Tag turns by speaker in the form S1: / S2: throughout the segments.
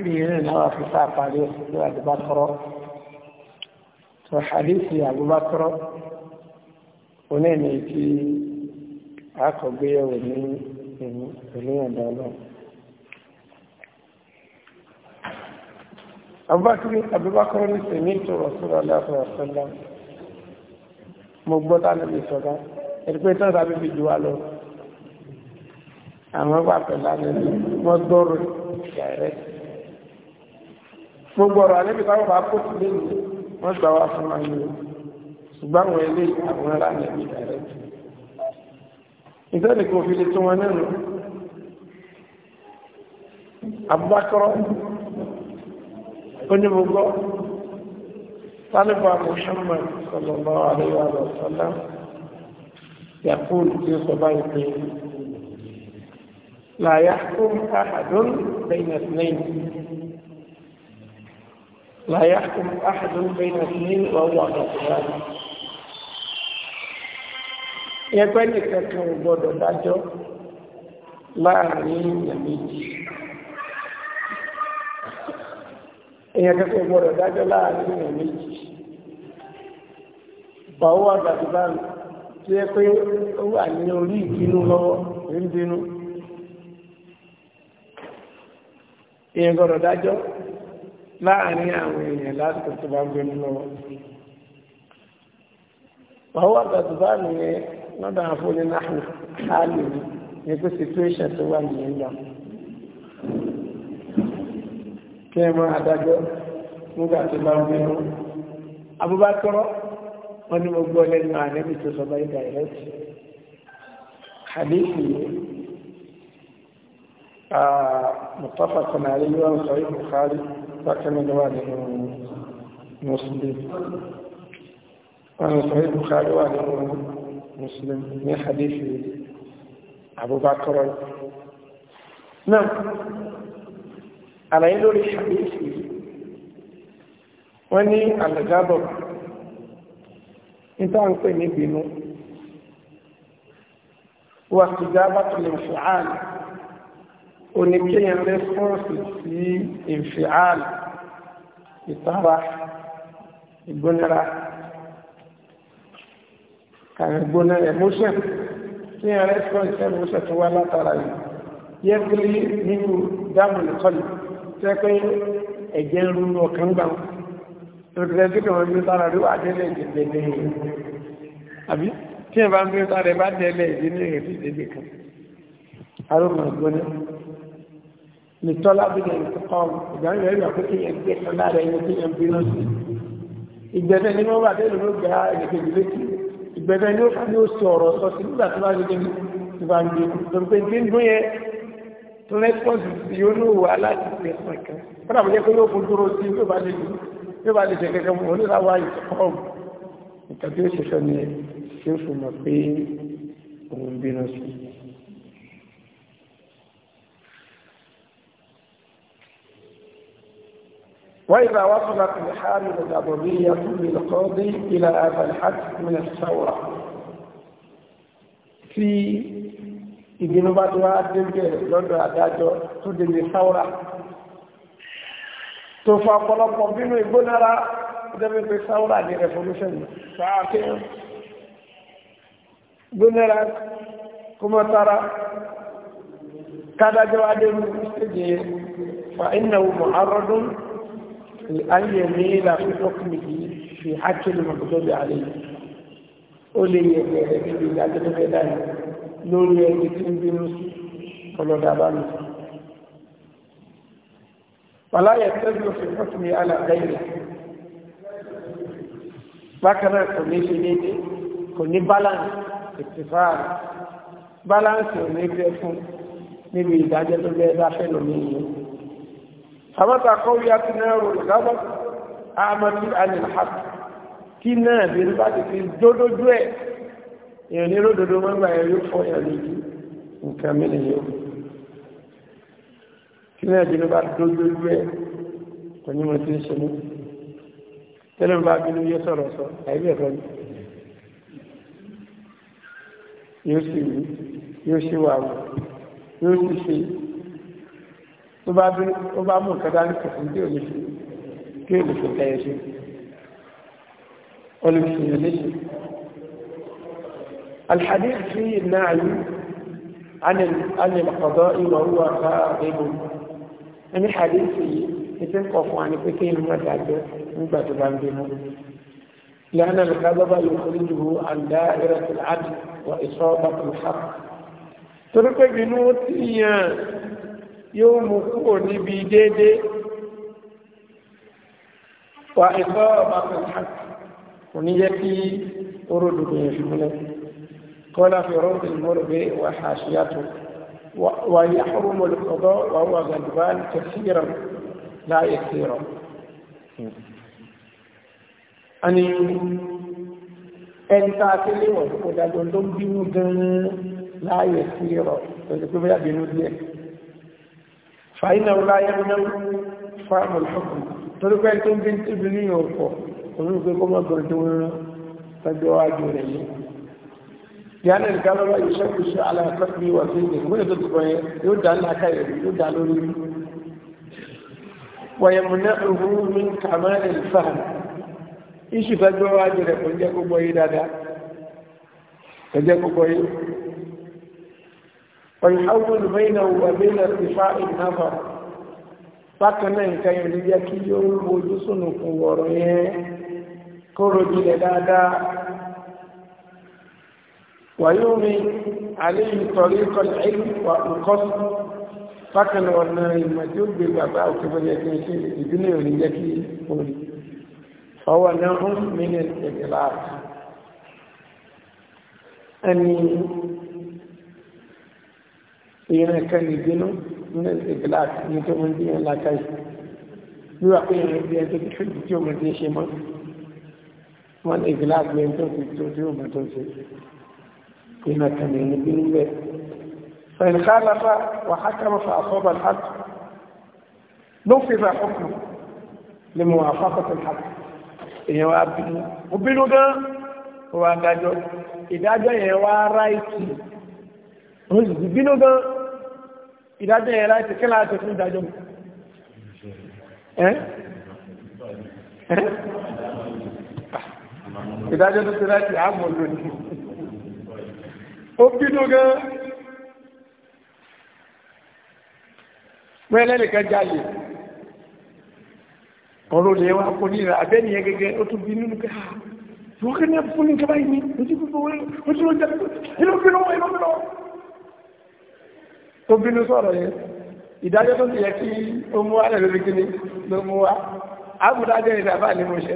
S1: ìrìnrìn náà wà fi sáà parí ọ̀sẹ̀ àdìbátọ́rọ́ tó hadithi àbúbátọ́rọ́ onílẹ̀ tí àkọ̀gbéyẹ̀wò ní ìlú ìyàndà ọlọ́run Abubakar ní sèmí tó rọ̀sọ́rọ̀ aláàfẹ́ ọ̀sọ́lá mo gbọ́ tánàbí sọ́dá ẹ̀rẹ́pẹ́ tán tàbí fi jù wá lọ àwọn ẹgbà pẹ̀lú àwọn ẹgbẹ́ wọ́n gbọ́rọ̀ ìyà rẹ̀ gbogbo ọ̀rọ̀ alẹ́bí táwọn bá kó sílé ní wọ́n gbà wá fún wa yìí ṣùgbọ́n àwọn ilé àwọn ará alẹ́bí rẹ̀ ìtẹ́lẹ̀ kò fi lè tún wọn nínú abúbákọ́rọ́ onímọ̀gbọ́ tálíbà Muhammad sallallahu alaihi wa sallam yaqul tí ó sọ báyìí pé la yahkum ahadun bayna ithnayn لا يحكم أحد بين اثنين وهو غضبان yẹpẹ nìkan kan ò gbọ́dọ̀ dájọ́ láàrin èèyàn méjì èèyàn kankan ò gbọ́dọ̀ dájọ́ láàrin èèyàn méjì bàwọ́ àgbàdìbà tí ẹ pé ó wà ní orí ìbínú lọ́wọ́ ìbínú èèyàn gbọ́dọ̀ dájọ́ láàrin àwọn èèyàn lásìkò tó bá gbé lọ́wọ́ wàhùwà gbàdúrà nìyẹn lọ́dọ̀ àfọ́ni náà hálì ní pé situation tó wà nìyẹn gbà kí ẹ máa adájọ́ nígbà tó bá gbé lọ́wọ́ abúbákọ́rọ́ wọn ni mo gbọ́ lẹ́nu ànẹ́bí tó sọ bá ìgbà ìrẹsì hadithi yìí متفق عليه وصحيح البخاري bákan náà wà nínú muslim wọn sọ ìlú kárí wà nínú muslim ní hadithi abubakar náà àlàyé lórí hadithi wọ́n ní alẹ́gábọ̀ níta ń pè ní bínú wà sí jábàtà lè fi ààrẹ oníkéyàn rẹ́fọ́ọ̀sì sí ìfìhàl ìtara ìgbónára kàrẹ̀gbóná emotion tí yàn rẹ́fọ́ọ̀sì emotion tó wá látara yìí yẹ́gbìlì nínú dáàmù nìkọlù tẹ́ pé ẹ̀jẹ̀ ń rú ọ̀kan gbà ìrìnlẹ̀ tí kàn wọ́n sára rí wà délẹ̀ ìdílé ní àbí tí yàn bá ń bí sára bá délẹ̀ ìdílé ìdílé kan arúgbó ìgbóná nìtọ́lá bí i ẹ̀ǹtọ́kọ́m ìdáhùn rẹ̀ yà pé kí ẹ̀ gbé ọ̀la rẹ̀ yẹ kí ẹ̀ bínú sí ìgbẹ̀fẹ́ ni wọ́n bá délù ló gba ẹ̀ẹ́dẹ̀kejì létí ìgbẹ̀fẹ́ ni ó fi ní oṣù ọ̀rọ̀ sọ sí nígbà tó bá ṣe kí ìgbà ń gbé torí pé ní dún yẹn tó rẹ́pọ́ǹsì sí yóò ní òwò aláti fi ẹ̀sùn kan fúnra mi وإذا وصلت الحامل الأبوية للقاضي إلى هذا الحد من الثورة في ìbínú bá tó wá débẹ̀ lọ́dọ̀ àdájọ́ tó dèlè sáwọ́rá tó fa ọ̀pọ̀lọpọ̀ bínú ìgbónára débẹ̀ pé sáwọ́rá ní revolution sáàkẹ́ gbónára kọmọtara kádájọ́ adéhùn stéjì fa ináwó mọ̀ arọ́dún an yamila fi hukmihi fi haqqi al-maghdubi alayhi ó lè yẹ bẹ̀rẹ̀ níbi ìdájọ́ tó fẹ́ dáyé lórí ẹni tí ń bínú sí ọlọ́dà bá mi. wàlá yẹ tẹ́jú fi hukmi ala ghayri bákan náà kò ní ṣe déédé kò ní balance ìtìfáà balance ò ní fẹ́ fún níbi ìdájọ́ tó fẹ́ dáfẹ́ lómi yìí samata kọ́wíyá ti náà rò lọ́wọ́ àmàtí anìlhàk kí náà bí n bá ti fi dódójú ẹ̀ èèyàn ní ródòdó máa ń gbà yóò fọ́ yà lójú nǹkan mìíràn yóò kí náà bí n bá dódójú ẹ̀ kò ní mo ti ń ṣe mú tẹ́lẹ̀ bá bínú yóò sọ̀rọ̀ sọ àìbẹ̀ ẹ̀kọ́ ni yóò sì wí yóò ṣe wà wù yóò sì ṣe tó bá bí ó bá mú nǹkan dání kò fún déò léṣe déò léṣe kẹyẹ ṣe olùsèyàn léṣe. الحديث فيه النعي عن عن القضاء وهو غائب ẹni hadithi ìtí ń kọ̀ fún àní pé kí ìlú mẹ́ta jẹ́ nígbà tó bá ń bínú lẹ́nà lọ́gbọ́bá yóò kúrò jù ú ìrẹsì àdì wà ìṣọ́ bàtùn hàp torí pé bínú yàn yóò mú kúrò níbi déédéé wà ẹ̀fọ́ ọmọkùnrin kò ní yẹ kí oró dùdú yẹn fúnlẹ̀ kọ́lá fi rọ́ọ̀dì mọ́rùbẹ́ wà hàṣíyàtò wà yà ọrọ̀ mọ́lùkọ́dọ́ wà wà gàdùbá kẹsìrọ̀ láyé kẹrọ̀ ani ẹni tá a ti léwọ̀ dájọ́ ló bínú gan-an láyé kẹrọ̀ pẹ̀lú pé bóyá bínú díẹ̀ fàyínà ọláyé náà
S2: fáàmù lọ́kùn
S1: torí pé tó ń bí tíbi ní ọ̀pọ̀ òun pé kó mọ́ gbọ́n tó wọ́n tọ́jọ́ wájú rẹ̀ ní yánà ìgbàlọ́wọ́ ìṣẹ́kùsù aláàkọ́bí wà sí ìgbè múlẹ̀ tó ti bọ̀ yẹn yóò فيحول بينه وبين ارتفاع النظر bákan náà nǹkan yẹn ló jẹ́ kí ó ń bojú sùnù fún ọ̀rọ̀ yẹn kó rojilẹ̀ dáadáa wàyúmi àléyìn tọ̀rí kọlẹ̀ ẹ̀yìn wà nkọ́sù bákan náà ọ̀nà ìmọ̀ tí ó gbé bàbá òkè bọ́jà tí ń ṣe ìdílé òní jẹ́ kí orí ọwọ́ náà ń mìíràn ìṣẹ̀lẹ̀ láàrín ẹni èèyàn kan lè gbénú ní ìgbìláàt ní tó mọ́ díyàn látàrí wíwà pé èèyàn bí ẹni tó ti fìdí tí ó mọ̀ tí ó ṣe mọ́ wọn ìgbìláàt ní tó fi tó tí ó mọ̀ tó ṣe èèyàn kan lè ní gbénú bẹ́ẹ̀ fẹ̀yìn kálàfà wà hákàmà fà àsọ́bà láti ló fi ra ọkùn lè mọ̀ àfákọ̀tọ̀ láti èèyàn wa bínú ó bínú gan ó wá dájọ́ ìdájọ́ yẹn wá ráìtì ó sì bínú gan ìdájọ́ yẹn láti kí láti fún ìdájọ́ mi ìdájọ́ tó ti láti àmọ́ lónìí ó bínú gan mẹ́lẹ́ nìkan jáyé ọ̀rọ̀ lè wá kò ní àbẹ́ni yẹn gẹ́gẹ́ ó tún bínú nìkan wọ́n kẹ́ ní ah, ẹ̀fún ní ìjọba yìí ní ojú gbogbo wọ́n ojú ló jẹ́ tó bínú sọ̀rọ̀ yẹn ìdájọ́ tó ti yẹ kí ó mú wá lẹ́lórí kí ni ló mú wá ábùdájọ́ ìdàbà ní mo ṣe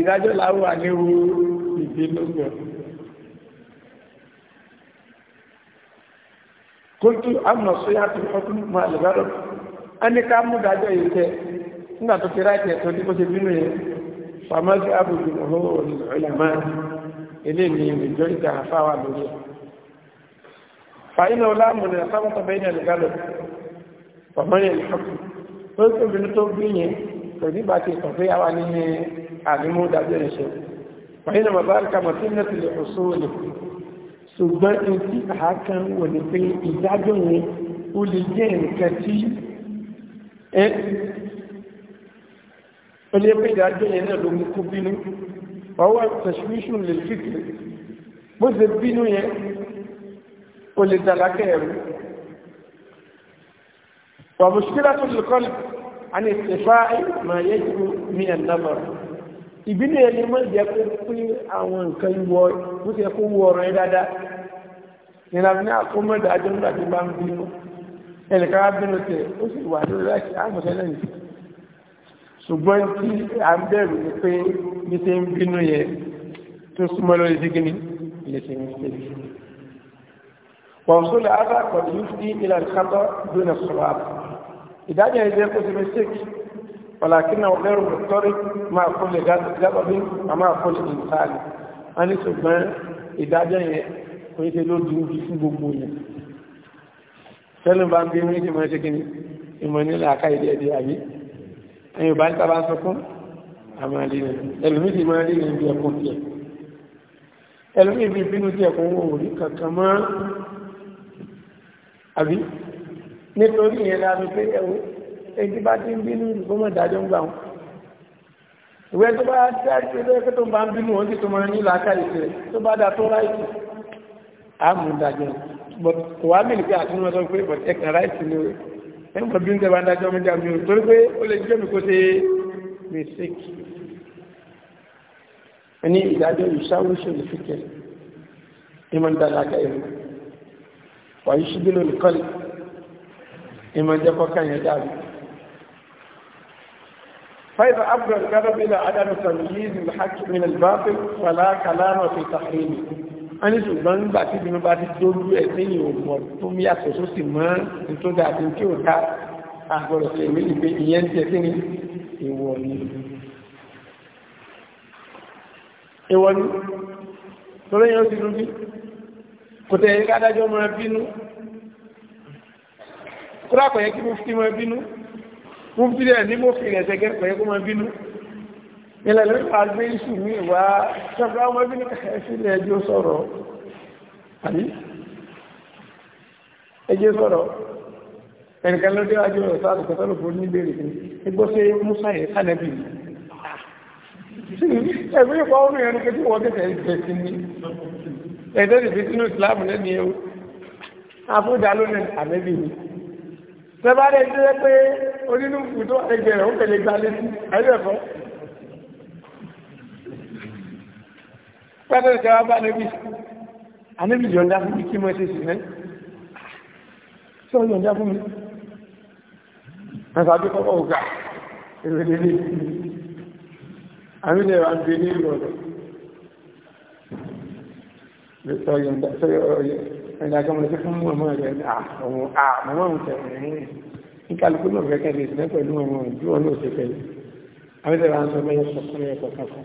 S1: ìdájọ́ láwọ́ àníwú ìbínúgbọ̀ kóntú àmọ̀ sóyá tó ọdún mọ́ a ní ká mú yìí tẹ́ nígbà tó fi ní ṣe bínú yẹn fàmọ́sí àbùdù ọ̀hún eléyìí majority àfá wà lórí ẹ̀ fàílẹ̀ olámùlẹ̀ sábàtọ̀ bẹ́ẹ̀ ní àlùgálò pọ̀mọ́lẹ̀ ìfọ́kù ó tó obìnrin tó gbé yẹn kò ní bá ti kàn pé àwa ní àdímú dájú ẹ̀ ṣe fàílẹ̀ mọ̀bárìkà mọ̀tíńdẹ̀ ti lè ọ̀ṣọ́ òní ṣùgbọ́n ní tí pé ìdájọ́ yẹn náà ló mú kú bínú ọwọ́ tẹ̀síwíṣù lè fìkì bó ṣe bínú yẹn o lè dàlákẹ́ ẹ̀rú wàmùsùkílá tó lè kọ́lù àni ìtẹ̀fà ma yẹ ju ní ẹ̀nàmọ̀ ìbílẹ̀ ẹni mọ́ jẹ́ kó pín àwọn nǹkan wọ bó ṣe kó wọ ọ̀rọ̀ yẹn dáadáa ìlànà ní àkómọ́dà ajọ́ nígbà tó bá ń bínú ẹnìkan á bínú tẹ̀ ó sì wà lórí láti àmọ̀tẹ́lẹ̀ nìkan ṣùgbọ́n tí a ń bẹ̀rù ni pé bí ṣe ń bínú yẹ tó súnmọ́ lórí sí gíní lè ṣe ń ṣe bí. wọ̀nsúlẹ̀ ábá pọ̀lú yúfí ilẹ̀ ìkábọ̀ dúnà sọ̀rọ̀ àbọ̀ ìdájọ́ ẹgbẹ́ kó ti mistake ọ̀làkínà ọ̀lẹ́rù mọ̀tọ́rí máa kó lè gábọ̀bí àmọ́ àkó lè ní sáàlì wọ́n ní ṣùgbọ́n ìdájọ́ yẹn kò ṣe lójú ibi fún gbogbo yẹn tẹ́lẹ̀ bá ń bí ní ìmọ̀ ṣe ni ìmọ̀ nílẹ̀ àká ìdí ẹ̀dí ẹ̀yìn bá ń tàbá sọkún àmàlì rẹ̀ ẹlùmí ti máa rí ìrìn bí ẹkùn tí ẹ̀ ẹlùmí bí bínú tí ẹkùn wọn ò rí kankan mọ́ àbí nítorí ìyẹn láti pé ẹwọ ẹni bá ti ń bínú ìgbọ́mọ̀ ìdájọ́ ń gbà wọn ìwé tó bá dájú ẹgbẹ́ tó bá ń bínú wọn tí tó máa ní làákàyè rẹ̀ tó bá dá tó ráìtì àmúdájọ́ but wàá mìíràn pé àtúnwọ́n sọ pé but ẹ̀kàn ráìtì ni ẹnìkan bí ń tẹ́ bá ń dájọ́ méjì àmì òun torí pé ó lè jẹ́ mi kó ṣe mistake ní ìdájọ́ ìṣàwùṣe olùfikẹ́ ìmọ̀ ń dára ká ẹ̀rọ wà ṣíbí lónìí kọ́lì ìmọ̀ kọ́kà yẹn dáàbò فإذا أبغى الغضب إلى عدم تمييز الحق من الباطل فلا كلام في تحريمه wọ́n ní ṣùgbọ́n nígbà tí ìbínú bá ti dójú ẹ̀ lẹ́yìn òmò tó ń yàtọ̀ tó sì mọ́ ní tó dáa tó kí ò dá àgbọ̀rọ̀ sí èmi ìgbé ìyẹn jẹ́ sí ni ìwọ̀ ni ìwọ̀ ni tó lẹ́yìn ó ti rúbí kò tẹ̀ ẹ̀yẹ́ kádájọ́ mọ́ bínú kúrò àpẹ̀yẹ́ kí mo fi mọ́ bínú mo fi rẹ̀ ní mo fi rẹ̀ sẹ́gẹ́ pẹ̀yẹ́ kó mọ́ bínú ilẹ̀ lórí wà gbé iṣu ní ìwà ṣọ́gbà ọmọ ẹbí ní ẹ̀ṣílẹ̀ ẹjọ́ sọ̀rọ̀ àbí ẹjọ́ sọ̀rọ̀ ẹnìkan ló déwájú rẹ̀ sáà tó kọ́tọ́ lòpọ̀ ní ìbéèrè ní igbó sí musa yẹn kánẹ́bì ẹgbẹ́ ìpá omi ẹni pé tí wọ́n tẹ̀sẹ̀ ìgbẹ̀ sí ni ẹ̀dẹ́ ìbí sínú ìsìláàmù lẹ́ni ewu afúdà lónìí àmẹ́bì ni tẹ́bàdé jẹ́ pé onínú ìfúdó ẹgbẹ̀rẹ̀ ó tẹ̀lé gbalẹ́sí ayẹ́fọ́ pẹ́tẹ́ ìjọ bá níbi àníbi yọ̀ǹda fún mi kí mo ṣe sì ní tí ó yọ̀ǹda fún mi ẹ̀sà bí kọ́kọ́ ògà ìrìnlẹ̀ ní àmìlẹ̀ wà ń gbé ní ìlú ọ̀dọ̀ lẹ́tọ́ yọ̀ǹda tó yọ̀ǹda gọmọ̀ sí fún mọ́ rẹ̀ àwọn àmọ́ tẹ̀rẹ̀ ní kálukú náà fẹ́kẹ́ lè sí pẹ̀lú ọmọ ìjú ọ̀nà òṣèpẹ̀lú àmìlẹ̀ wà ń sọ mẹ́yẹ sọ fún ẹ̀kọ́ kankan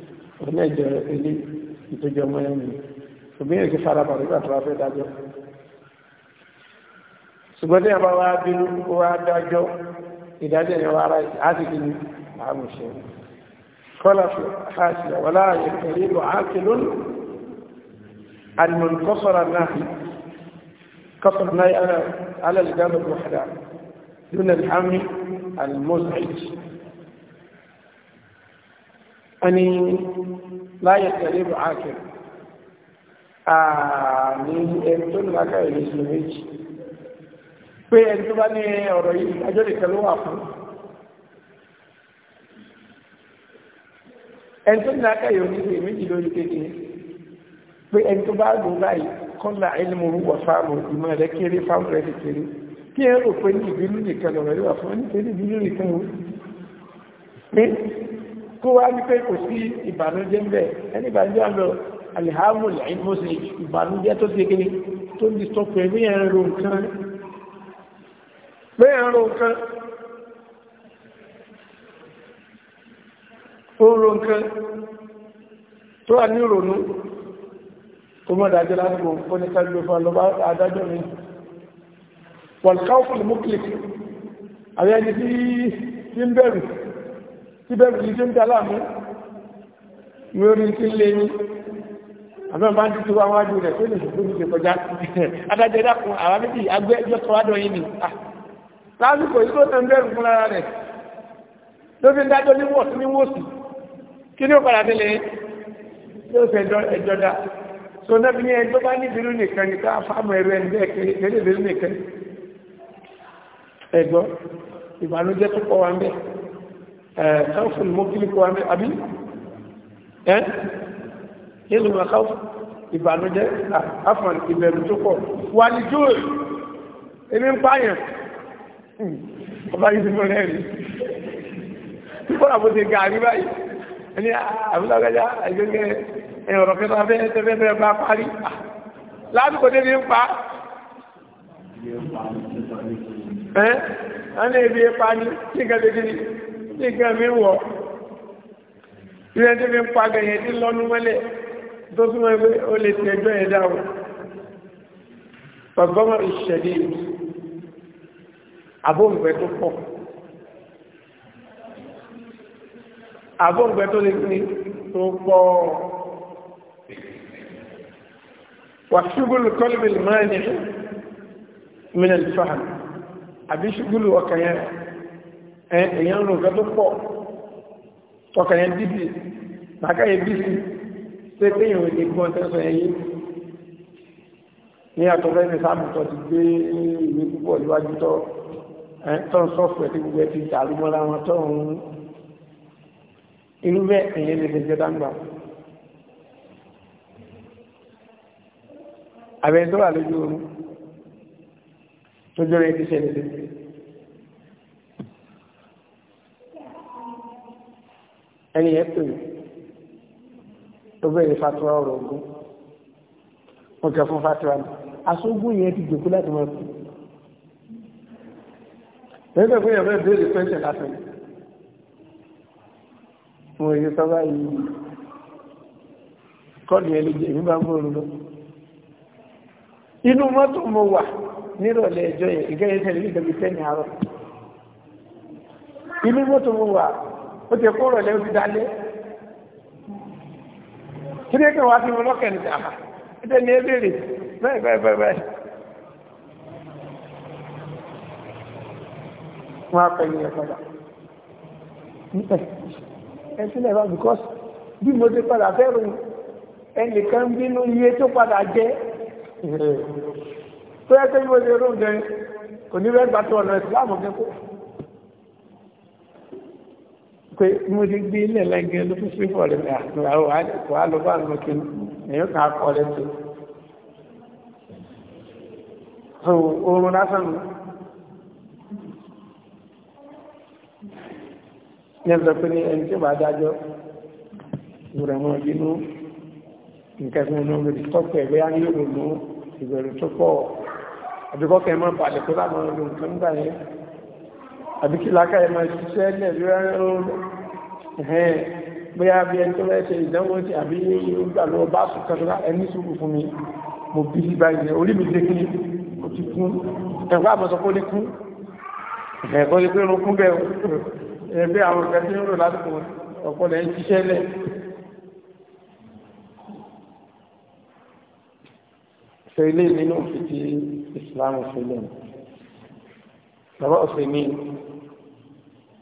S1: oníjọ ilé ìtọ́jọ ọmọ ẹni ṣùgbọ́n èsì farabà nígbà tó wá fẹ́ dájọ́ ṣùgbọ́n tí a bá wá bínú kó wá dájọ́ ìdájọ́ ìyẹn wá ráì láti kí ni àmì ṣe kọ́lá fi hàṣì wà láàyè pẹ̀lú ìlú àti lónìí àdìmọ̀lù kọ́sọ̀rọ̀ náà kọ́sọ̀rọ̀ náà alẹ́ ìdájọ́ tó ẹni láyé tẹ̀lé bọ̀ ákẹ́ ààrẹ ẹni tó ní lágbàá ìlú sí méjì pé ẹni tó bá ní ọ̀rọ̀ yìí ajọ́ lè tẹ̀lé wà fún ẹni tó ní lágbàá ìlú sí méjì lórí kéde pé ẹni tó bá lò báyìí kọ́lá ẹlẹ́mú wà fáàmù ìmọ̀ rẹ̀ kéré fáàmù rẹ̀ kékeré kí ẹ rò pé ní ìbínú nìkan lọ̀rọ̀ yóò wà fún ẹni tẹ́lẹ̀ ìbínú nìkan wò kó wá wípé kò sí ìbànújẹ́ ń bẹ̀ ẹni ìbànújẹ́ àlọ́ alihamu ìmọ̀sí ìbànújẹ́ tó ti kéde tó ń distọ́pù ẹ̀mí ẹ̀rọ nǹkan mẹ́rin ro nǹkan ó ro nǹkan tó wà ní ìrònú kó mọ́ dájọ́ láti mọ̀ fún ní kájú fún alọ́bá adájọ́ mi wọ̀lkáwọ́fún mú kìlìkì àwọn ẹni tí ń bẹ̀rù síbẹ̀rù ní tí ń dá láàmú ní orí tí ń lé ní àmọ́ bá ń tutù wá wájú rẹ̀ tó lè ṣùgbọ́n ní ìṣèkọjá adájọ́ dákun àwa méjì agbẹ́ ẹjọ́ tó wádọ̀ yìí ni lásìkò yìí tó tẹ̀ ń bẹ̀rù fún ara rẹ̀ ló fi ń dájọ́ ní wọ̀sí ní wọ̀sí kí ni ó padà délé yóò fẹ́ ẹjọ́ dá so nábi ní ẹjọ́ bá níbirú nìkan ní ká fáàmù ẹ̀rọ ẹni bẹ́ẹ̀ kiri kiri ìbirú nìkan ẹgbọ́ ìbànújẹ́ tó pọ̀ wá ń bẹ́ẹ̀ خوف المغلق وعمل أبي ẹ́ yẹ́lù mọ̀káf ìbànújẹ́ afọ̀n ìbẹ̀rù tó pọ̀ wà ní jóòl ebi ń pààyàn ọba yìí ti mọ̀rẹ́ rí púpọ̀ àbúté gàrí báyìí ẹni àbúlágájá àjọyẹ ẹ̀rọ kẹta fẹ́ẹ́fẹ́ bá parí lásìkò tẹ́ ní ń pa ẹ́ ẹni ebi ń pa ní kí n kẹ́ tí nǹkan mi wọ̀ ilé tí mi ń pa gẹ̀yẹ̀ tí lọ́nu mọ́lẹ̀ tó túnmọ̀ pé ó lè ti ẹjọ́ yẹn dáhùn ọgbọ́n ìṣẹ̀lẹ̀ àbóǹgbẹ tó pọ̀ àbóǹgbẹ tó lè ní tó pọ̀ wàṣúgbùlù kọlùmìlì mọ́ẹ̀nì mìnà ìfàhàn àbí ṣúgbùlù ọkàn èyàn ń lo nǹkan tó pọ̀ ọkàn yẹn bíbí màkà yẹn bíbí pé téèyàn ò lè gbọ́n tẹ́sán ẹ̀yìn ní àtọ́fẹ́ ní sáàmùtọ́ ti gbé ìwé púpọ̀ níwájú tọ́ tọ́n sọ́fẹ̀ tí gbogbo ẹ̀ ti dàrúmọ́ra wọn tọ́n inú bẹ́ ẹ̀yẹ lè lè jẹ́dáǹgbà abẹ́ tó wà lójú oorun tó jọ́rọ̀ ẹ̀ ti ṣẹlẹ̀ ẹni yẹn pè mí tó bẹ̀rẹ̀ fatiwa ọ̀rọ̀ ogun mo kẹ fún fatiwa mi aṣogun yẹn ti jòkó láti mọ̀ sí lẹ́gbẹ̀ fún yẹn bẹ́ẹ̀ bẹ́ẹ̀ pẹ́ńtẹ̀ láti mo yẹ sábà yìí kọ́ọ̀dù yẹn lè jẹ́ èmi bá ń bọ̀ lọ inú mọ́tò mo wà nírọ̀lẹ́ ẹjọ́ yẹn ìgẹ́yẹ tẹ̀lé ní ìdẹ́gbẹ́sẹ́ àárọ̀ inú mọ́tò mo wà ó ti kó rọ̀lẹ́ ó ti dalé kí ni kí wọ́n á fi wọn lọ́kẹ̀ níta ó tẹ̀ ní ebèrè bẹ́ẹ̀ bẹ́ẹ̀ bẹ́ẹ̀ bẹ́ẹ̀. wọ́n á pẹ́ yín ẹ̀ padà ẹ sílẹ̀ bá because bí mo ti padà fẹ́ rò ẹnìkan bínú iye tó padà jẹ́ tó yẹ kí mo ti rò jẹ kò ní bẹ́ẹ̀ gbà ọ̀nà ìsìlámù kẹ́kọ̀ọ́ pé mo ti gbé ilẹ̀ lẹ́gẹ́ ló fi sí fọ̀rẹ́ mi àtúnyàwó àdìpọ̀ alùpàá ló kí èyí kan kọ́ rẹ̀ tó. oorun lásán nù. ní ẹ̀sọ́ pé ní ẹni tí ó bá dájọ́ ìwúrẹ̀ mọ́ bínú nǹkan tí mo ní orí tọ́pọ̀ ẹ̀gbẹ́ á ní òrùn mú ìbẹ̀rù tó pọ̀ àbíkọ́kẹ́ mọ́ àbí kí láká ẹ̀ máa ṣiṣẹ́ lẹ̀ rẹ́rẹ́rẹ́ bóyá bí ẹni tó rẹ́ ṣe ìdánwò tí àbí ìgbà lọ bá sùkàtà ẹni sùkù fún mi mo bí sí báyìí orí mi lékún mo ti kún ẹ̀kọ́ àmọ́sọ kó lékún ẹ̀kọ́ ti pé rokún bẹ́ẹ̀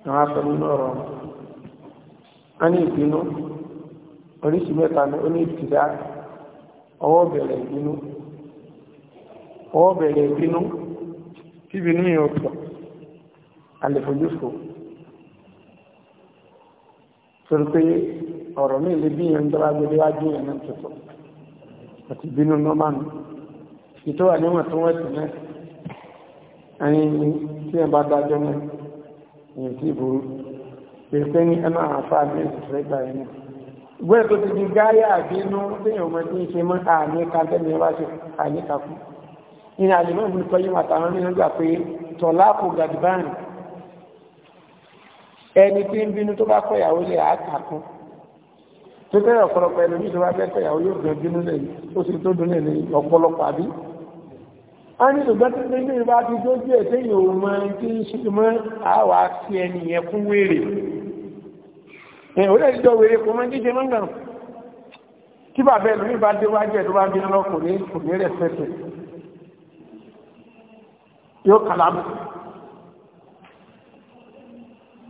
S1: àwọn afẹ́mínú ọ̀rọ̀ a ní ìbínú oríṣìí mẹ́ta ní oní ọwọ́ bẹ̀rẹ̀ ìbínú ọwọ́ bẹ̀rẹ̀ ìbínú tí ìbínú yẹn ọ̀pọ̀ àlẹ́fojúfò torí pé ọ̀rọ̀ mi lè bí yẹn ń gbé wájú yẹn àti ìbínú nọ́mánu ìtọ́wà níwọ̀n tó ẹni tí bá dájọ́ èyí tí burú pèsè ní ẹmà àfáà ní ìṣẹ́ gbà ẹni gbé tó ti di gáyà àbínú téèyàn ọmọ tí ń ṣe mọ́ àmì kàtẹ́mì wá sí àmì kàkú ìní àlèmọ́ ìbùn kọ́ yí màtàwọn nínú gbà pé tọ̀lá kò gàdìbáàn ẹni tí ń bínú tó bá kọ́ ìyàwó lè àkàkún tó tẹ́lẹ̀ ọ̀pọ̀lọpọ̀ ẹlòmíì tó bá fẹ́ kọ́ yóò gbẹ̀ bínú lẹ́yìn ó sì tó dún lẹ́yìn ọ̀pọ̀lọpọ̀ àbí a ní ìgbẹ́tí nínú ìbá ti dójú ẹ̀ tẹ́yìn òun mọ́ tí ń ṣe mọ́ àwà sí ẹni yẹn fún wèrè ẹ̀ ó lẹ́yìn tó wèrè kò mọ́ jíjẹ mọ́ gbà kí bàbá ẹlòmí bá dé wájú ẹ̀ tó bá bí lọ́kọ̀ ní kò ní rẹ̀ fẹ́fẹ́ yóò kàlámù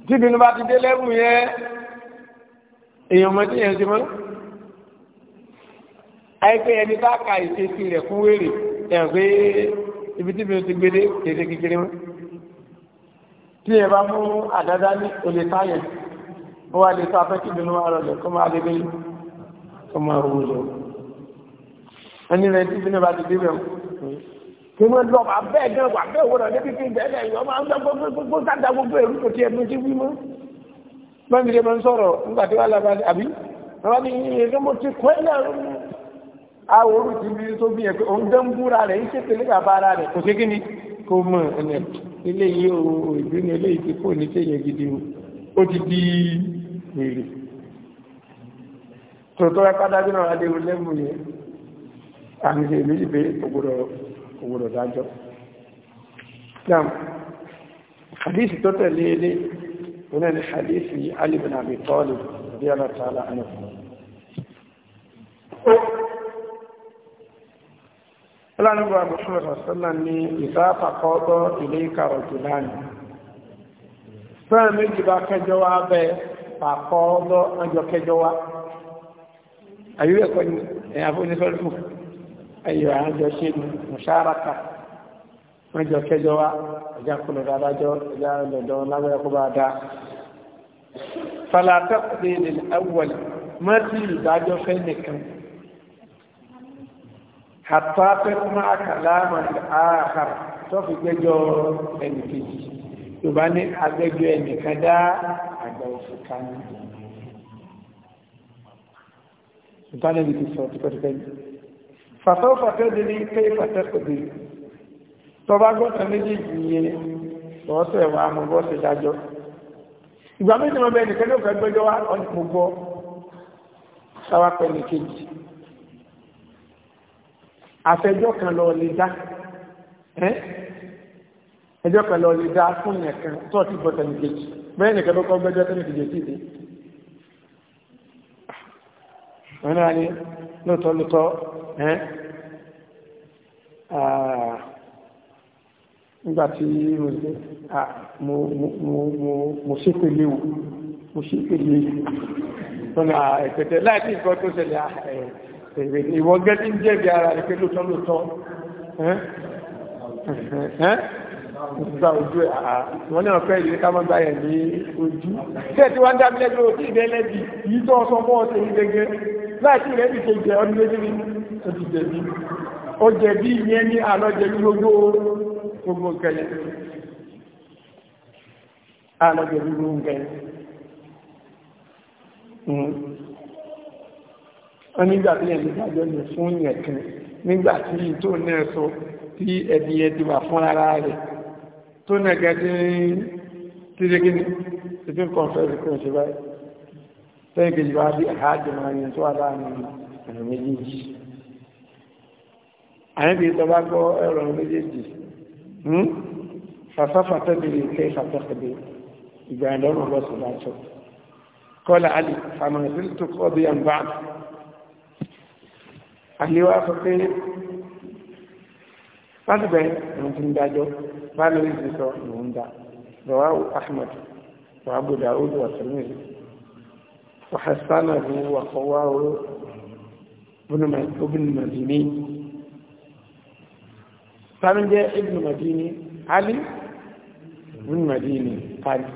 S1: tí ìbínú bá ti dé lẹ́rù yẹn èèyàn mọ́ tí yẹn ṣe mọ́ àìpé ẹni bá ka ìṣesí rẹ̀ fún wèrè ẹ̀rọ pé ibi tí mi ti gbélé kéde kékeré mọ́ tí ẹ bá mú àdáda ní olè táyà ó wá lè sọ afẹ́kí ìdùnnú wa rọlẹ̀ kó máa lè lẹ́yìn kó máa wò lọ. ẹni rẹ̀ tí ìbínú bá ti dé bẹ̀rù kí wọ́n lọ wà bẹ́ẹ̀ gẹ́rẹ́ wà bẹ́ẹ̀ wọ́n rọ̀ débi kí ìgbẹ́lẹ̀ ìwọ́n máa ń gbọ́ gbogbo sáda gbogbo èrú kò tiẹ̀ mú sí wí mọ́. báńkì lè máa ń sọ̀rọ̀ nígbà tí wàá lábàá àbí wọ́n ní ìrẹ́mọ̀ ti kọ́ àwọn olùtí bí tó bí yẹn pé òun dán búra rẹ̀ ń ṣètìlẹ́ bàbá ara rẹ̀ kò sí kí ni kò mọ̀ ẹ̀nà ilé yìí o ìlú ni ilé yìí ti kò ní tẹ̀yẹ gidi o ó ti di wèrè tòótọ́ ẹ pátákì náà adé wọn lẹ́mú yẹn àmì èmi ìbé ògbòdò ògbòdò dájọ́ náà hadith tó tẹ̀lé ilé e wọn ni hadith yìí Ali bin Abi Talib radiyallahu ta'ala anhu ọlọ́nàbọ̀ Muhammad sọ́lá ní ìsáàpàkọ́ọ́tọ́ ilé ìkàrọ̀ jùlánì fẹ́rẹ̀ méjì bá kẹjọ wá bẹ́ pàkọ́ọ́tọ́ ọjọ́ kẹjọ wá àyíwẹ̀ kọ́ ní àfọ́nífẹ́lú ayò àjọ ṣe ní mùsáraka mẹjọ kẹjọ wá ẹjá kúlọ̀ dáadájọ́ ẹjá lọ́dọ̀ lábẹ́ ẹkú bá dá falatẹ́ hàtà tẹ́kùnmá àkàlámà àhàr tó fi gbẹ́jọ́ ẹnì kejì tó bá ní agbẹ́jọ́ ẹnì kan dá àgbà òfin kan ní ìtànẹ́bì ti sọ tipẹ́tipẹ́ ní fàtọ́ fàtẹ́dì ní pé fàtẹ́kùdì tó bá gbọ́ta méjèèjì yẹn tọ́ọ̀tọ̀ ẹ̀wà amọ̀bọ́sẹ̀ dájọ́ ìgbà méjì mọ́ bẹ́ẹ̀ nìkan ní òkè gbẹ́jọ́ wá ọ̀nà gbogbo sáwápẹ́ ní kejì àfẹjọ́ kan lọ lè dá ẹjọ́ kan lọ lè dá fún ìyẹn kan tó ti bọ́ tẹ̀lé kejì bẹ́ẹ̀ nìkan ló kọ́ gbẹ́jọ́ tẹ̀lé kejì sí ìdí. wọ́n náà ní lóòótọ́ lóòótọ́ nígbà tí mo ṣe pèlè o mo ṣe pèlè lọ́nà ẹ̀pẹ̀tẹ̀ láti nǹkan tó ṣẹlẹ̀ èrè ni ìwọ gẹ́ tí ń jẹ́ bí ara rẹ̀ pé lóòtọ́ lóòtọ́ ìgbà ojú ẹ̀ wọ́n ní ọ̀pẹ́ ìlú ká máa gbá yẹ̀ ní ojú tí ẹ̀ tí wọ́n ń dábí lẹ́gbẹ́ òkè ìdẹ́ lẹ́bi yìí tó ọsọ mọ́ ọ̀sẹ̀ yìí gẹ́gẹ́ láìsí rẹ̀ bìí ṣe jẹ ọdún méjì ní ó ti jẹ̀bi ó jẹ̀bi ìyẹn ní àlọ́jẹ̀bi gbogbo gbogbo kẹlẹ̀ àlọ́jẹ̀bi gbogbo kẹlẹ̀ wọ́n nígbà tí ẹni dájọ́ ní fún yẹn kan nígbà tí tó náà sọ tí ẹni yẹn ti wà fún ara rẹ̀ tó náà gẹ́ tí tí ṣe kí ni ti fi ń ṣe báyìí tẹ́yìn kejì bá bí àhájọ máa yẹn tó wà láàrin ẹ̀rọ méjèèjì إذا لم الله سبحانه قال علي فما زلت قاضيا بعد àlewà sọ pé láti bẹ̀rẹ̀ òun ti ń dájọ́ báyìí ti sọ òun dá rawahu ahmed wa abu dawud wa tirmidhi
S2: wa hasanahu
S1: wa qawahu ibn madini sanu jẹ́ ibn madini ali ibn madini ali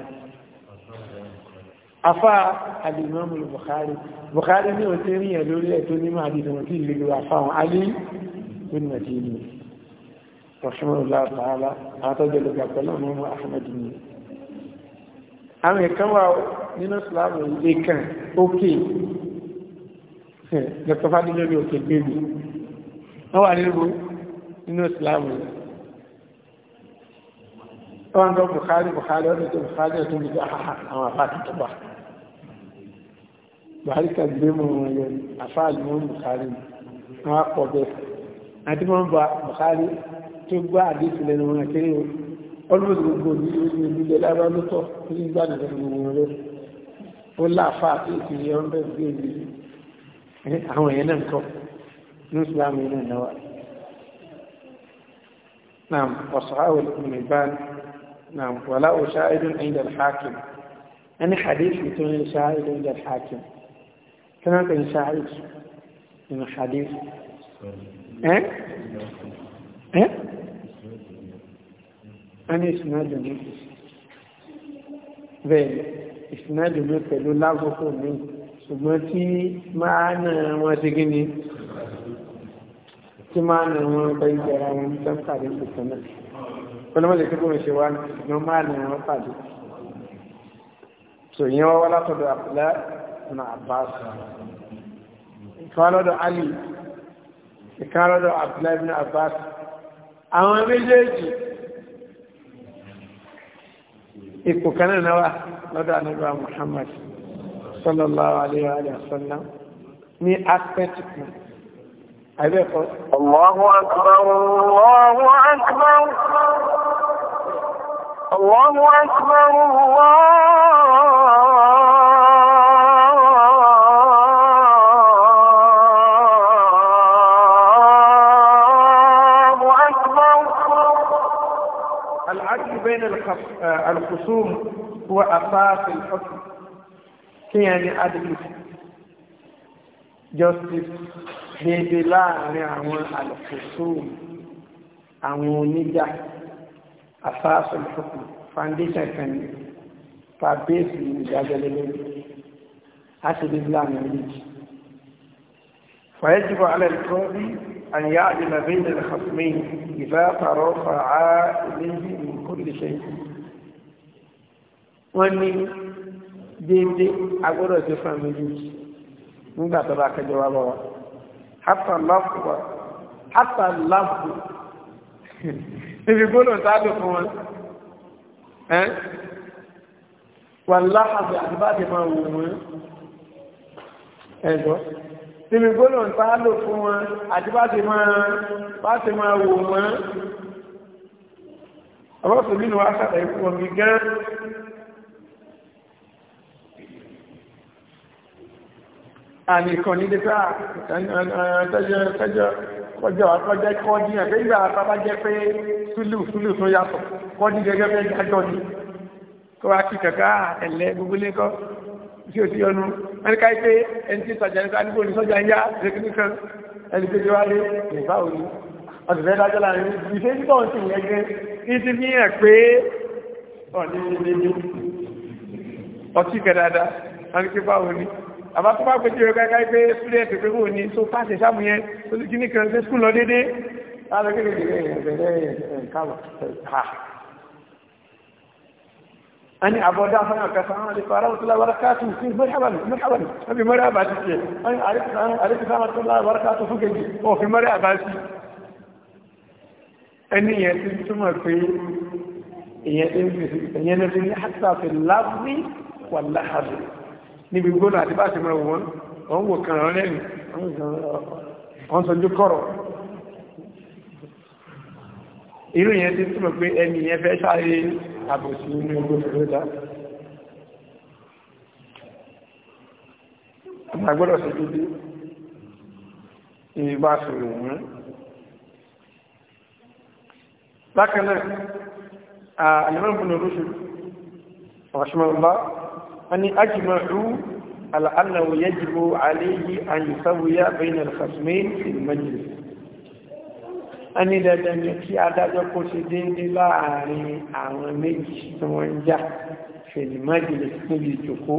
S1: afá alìmọ́mù Bukhari Bukhari ní o tí ríyàn lórí ẹ̀ tó nímọ̀ àdìsàn tí ìlú àfáwọn alì bin Madini rahimahullah ta'ala àtọ́jẹ́ lọ́gbà pẹ̀lú ọmọ Ahmad ni àwọn ẹ̀kan wà nínú Islam ìkan ókè Dr. Fadilori òkè gbèbí wọ́n wà nínú nínú Islam wọ́n gbọ́ Bukhari Bukhari ọdún tó Bukhari ọdún tó àwọn àfáà tó tó bàríkà gbé mọ́ wọn yọ àfáàlì wọn bùkárí wọn pọ̀ bẹ́ẹ̀ àti wọn bá bùkárí tó gbá àdéhùn lẹ́nu wọn kéré o ọlọ́run gbogbo ní orí ìlúlẹ̀ lábá lótọ́ ní gbàdùn gbogbo wọn rẹ̀ ó láàfà àti ìpìlẹ̀ ọ̀rọ̀ bẹ́ẹ̀ gbé ìlú àwọn èèyàn náà kọ́ ní ìsìlámù yẹn náà náwà نعم وصحاو الإمبان نعم ولا شاهد عند الحاكم أنا حديث بتوني شاهد عند الحاكم kí wọ́n pè ní sa'id nínú hadith
S2: ẹ́ ẹ́
S1: wọ́n ní ìsìnàjò ní bẹ́ẹ̀ ìsìnàjò ní pẹ̀lú lágbókò ní ṣùgbọ́n tí máa nà wọ́n ti gíní tí máa nà wọ́n bẹ́ẹ̀ jẹ́ra wọn tẹ́mtàrí ìsìnàjò ọlọ́mọdé tó kúrò ṣe wá ní máa nà wọ́n pàdé so ìyẹn wọ́n wá látọ̀dọ̀ Abdullah ibn Abbas ìkan lọ́dọ̀ Ali ìkan lọ́dọ̀ Abdullahi ibn Abbas àwọn méjèèjì ipò kanáà náà wà lọ́dọ̀ anábà Muhammad sallallahu alayhi wa sallam ní aspect kan
S2: àbẹ́kọ́ Allahu akbar Allahu akbar Allahu akbar Allahu akbar
S1: فإن الخصوم هو أساس الحكم يعني أدلة justice déédé láàrin àwọn alùpùpùsùn àwọn oníjà asásùn fúkù foundation kan ní fàbíyèsí ìdájọ́lélé láti lè láàrin méjì fàyẹ́jùbọ̀ alẹ́lẹ́kọ́ bí àyà ìlàbẹ́ ìlẹ̀lẹ́kọ̀ọ́sùmẹ́yìn ìfẹ́ àpàrọ̀ fàá léyìí nǹkan lè ṣe wọ́n ní déédéé agbọ́dọ̀ tó fún àmì méjì nígbà tó bá kẹjọ wá bọ̀ wá hátà láfùwà hátà láfù níbi gbọ́dọ̀ sáájú fún wọn wà láhàbẹ̀ àti bá ti máa wù wọ́n ẹ̀gbọ́n níbi gbólóhùn tá a lò fún wọn àti bá ti máa bá ti máa wò wọ́n ọlọ́sùn nínú wa ṣàlàyé fún wọn gígán àmìkan ní dípá tẹ́jọ́ àkọ́jẹ́ kọ́dí ẹ̀ nígbà àpapá jẹ́ pé súlù súlù tó yàtọ̀ kọ́dí gẹ́gẹ́ bẹ́ jájọ́ ni tó wá kí kẹ̀kẹ́ ẹ̀lẹ́ gbogbo lẹ́kọ́ tí o ti yọnu ẹnìká yìí pé ẹni tí sọjà nípa níbo ní sọjà ń yá lẹ́kìnní kan ẹni tó ti wá lé nípa òní ọ̀sẹ̀ fẹ́ dájọ́ láàrin ìṣe tí tọ̀ ń sìn yẹn gẹ́ kí ti fi hàn pé ọ̀ní níbi ọtí kẹ dáadáa wọn kí báwo ni o tó bá pété ọ̀gá ká pé sílẹ̀tì pé wò ní tó pàṣẹ sáàmù yẹn tó ti kí ní kan ṣe skul lọ déédéé أني أبو دافع السلام عليكم ورحمة الله وبركاته مرحبا مرحبا أبي مرحبا تكي أنا عرفت أنا عرفت ورحمة الله وبركاته فوقي أو في مرحبا أني يتم في ينزل حتى في اللفظ واللحظ نبي gbóná àti bá ti mọ̀ wọn wọ́n wò kàn án lẹ́nu wọ́n sọ jú kọ́rọ̀ irú àbòsí inú ogó fẹ́lẹ́dá ọmọ agbọ́dọ̀ sí dídí ìbá sọ̀rọ̀ wọn bákan náà àyẹ̀mọ́bùn olóṣù ọ̀ṣọ́mọ̀lá wọ́n ni ajìmọ̀ rú al'annawo yajibo aléyí an yi sáwúyá bẹ́yìn alfasmẹ́ ìlú ẹni dandan ni kí adájọ́ kó ṣe déédé láàrin àwọn méjì tí wọ́n ń jà fèlì májèlè níbi ìjòkó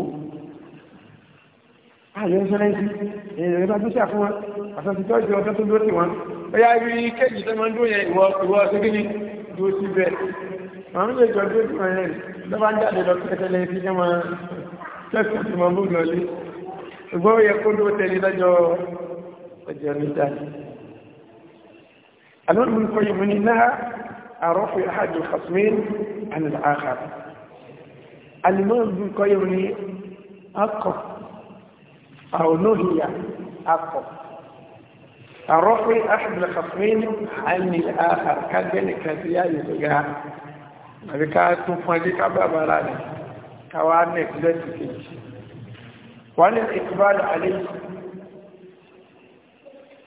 S1: ààyè ń sọ́rẹ́ sí èèyàn bá tó ṣàfún wọn àtàtìtọ́ ìjọ ọjọ́ tó lórí wọn ó yá rí kéjì tó máa ń dóyẹ ìwọ ìwọ ṣégé ní dúró sí bẹ́ẹ̀ àwọn méjì ìjọ dúró sí wọn rẹ̀ ló bá ń jáde lọ pẹ́tẹ́lẹ́ sí kí wọ́n tẹ́sán sí mọ́ الإمام من قيم من إنها رفع أحد الخصمين عن الآخر من قيم القيم أقف أو نهي أقف الرفع أحد الخصمين عن الآخر كان ذلك زيادة جاء ذكاء تفاجئ كبابا كوانك ذاتك وعن الإقبال عليه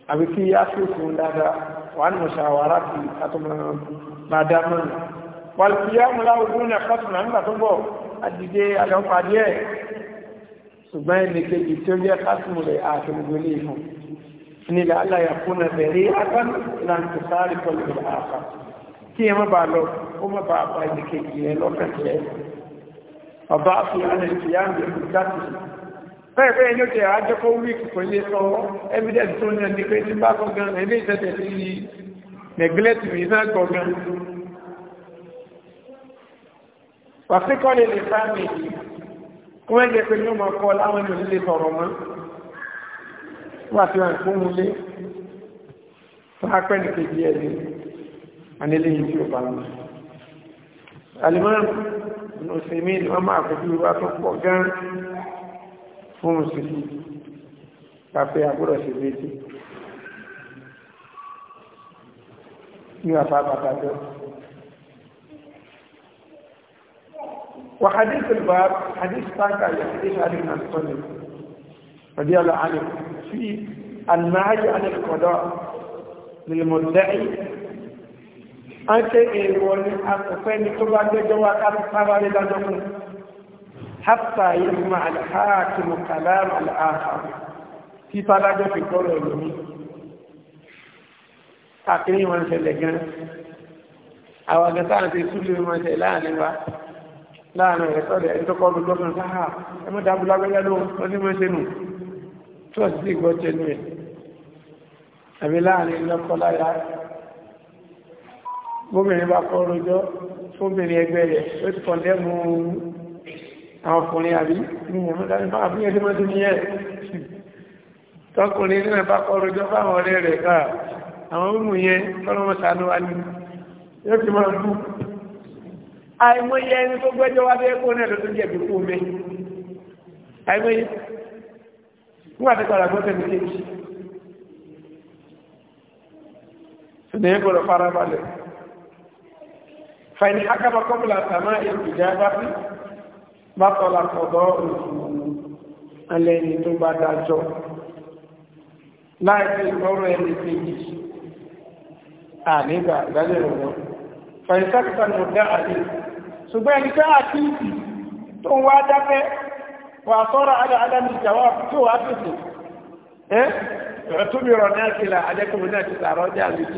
S1: Abu kí á fi òfin dáadáa wà ní mọ̀ṣàwárá kí àtọmọ̀ máa dá mọ́nà wàlùkìyà múlá ogún ní àkọsùnà nígbà tó bọ̀ àdìdé àjọpàdé ẹ̀ ṣùgbọ́n ẹni kejì tí ó jẹ́ kásùmù rẹ̀ àti gbogbo ilé ìfún nílẹ̀ aláyàkúnà bẹ̀rẹ̀ agbánu láti sáré pẹ̀lú àfà kí ẹ má lọ ó má bàa bá ẹni kejì rẹ̀ lọ́kàn ọba àfihàn ẹni kìyà bẹ́ẹ̀ bẹ́ẹ̀ ní ó jẹ́ àjọpọ̀ wíìkì kò lè sọ evidence tó ní ẹni pé tí bá kọ́ gan ẹ̀mí ìtẹ́tẹ̀ sí neglect mi náà gbọ́ gan. wàsíkọ́ lè lè fa mi kó wọ́n jẹ́ pé ní ọmọ kọ́ láwọn ènìyàn lè sọ̀rọ̀ mọ́ wà sí wọn fún un lé fáapẹ́ ní kejì ẹ̀ ní anílé yìí tí ó bá wọn.
S2: alimọ́n ní òsèmí ni wọ́n máa kojú wa tó pọ̀ gan-an
S1: fún mùsùlùmí pàpẹ àbúrò sí méjì ní àfà bàtàjọ وحديث الباب حديث ساكا حديث علي بن الطالب رضي الله عنه في النهي عن القضاء للمدعي أنت إيه ولي أكفين تبعد جواك أكفين تبعد جواك hatta yasma al-hakim kalam al-akhar tí fàdájọ́ fi kọ́rọ̀ ẹ̀lòmí àkíní wọn ṣẹlẹ̀ gan àwọn àgbẹ̀ta àti ìsúlẹ̀ wọn ṣẹlẹ̀ láàrin wa láàrin rẹ̀ sọ́dẹ̀ ẹni tó kọ́ ọdún gbọ́dún sáà ah, ẹ mọ́ dábùlá gbẹ́gbẹ́ ló ní mọ́ ṣe nù àwọn ọkùnrin àbí ní ìmọ̀dájú máa bí ẹjọ́ mọ́tún ní ẹ̀ tọkùnrin náà bá kọrọ jọ fáwọn ọ̀rẹ́ rẹ̀ káà àwọn ọmọ yẹn tọ́lọ́mọ sànú wa ní yóò fi máa bú àìmọye ẹni tó gbẹ́jọ́ wá bẹ́ẹ̀ kó náà lọ́tún jẹ̀bi kú mi àìmọye wọ́n àti padà gbọ́tẹ̀ ní kéjì ṣùgbọ́n yẹn gbọ́dọ̀ farabalẹ̀ fàìní akábakọ́bùlà sàmá ìjàmbá fi bátọ́lá kọ̀dọ́ ẹlẹ́ni tó bá dájọ́ láìsí lọ́rọ̀ ẹni kejì ànígbà ìdájọ́ ìrọ̀wọ́ fàìsákìtà ní ọ̀dá àdé ṣùgbọ́n ẹni tẹ́ àkíyèsí tó ń wá dáfẹ́ wà sọ́rọ̀ adáadáa ní ìjàwá tí wà á pèsè ẹ́ ẹ̀túnmí rọ̀ náà ti là adẹ́kùnrin náà ti sàárọ̀ jẹ́ àlejò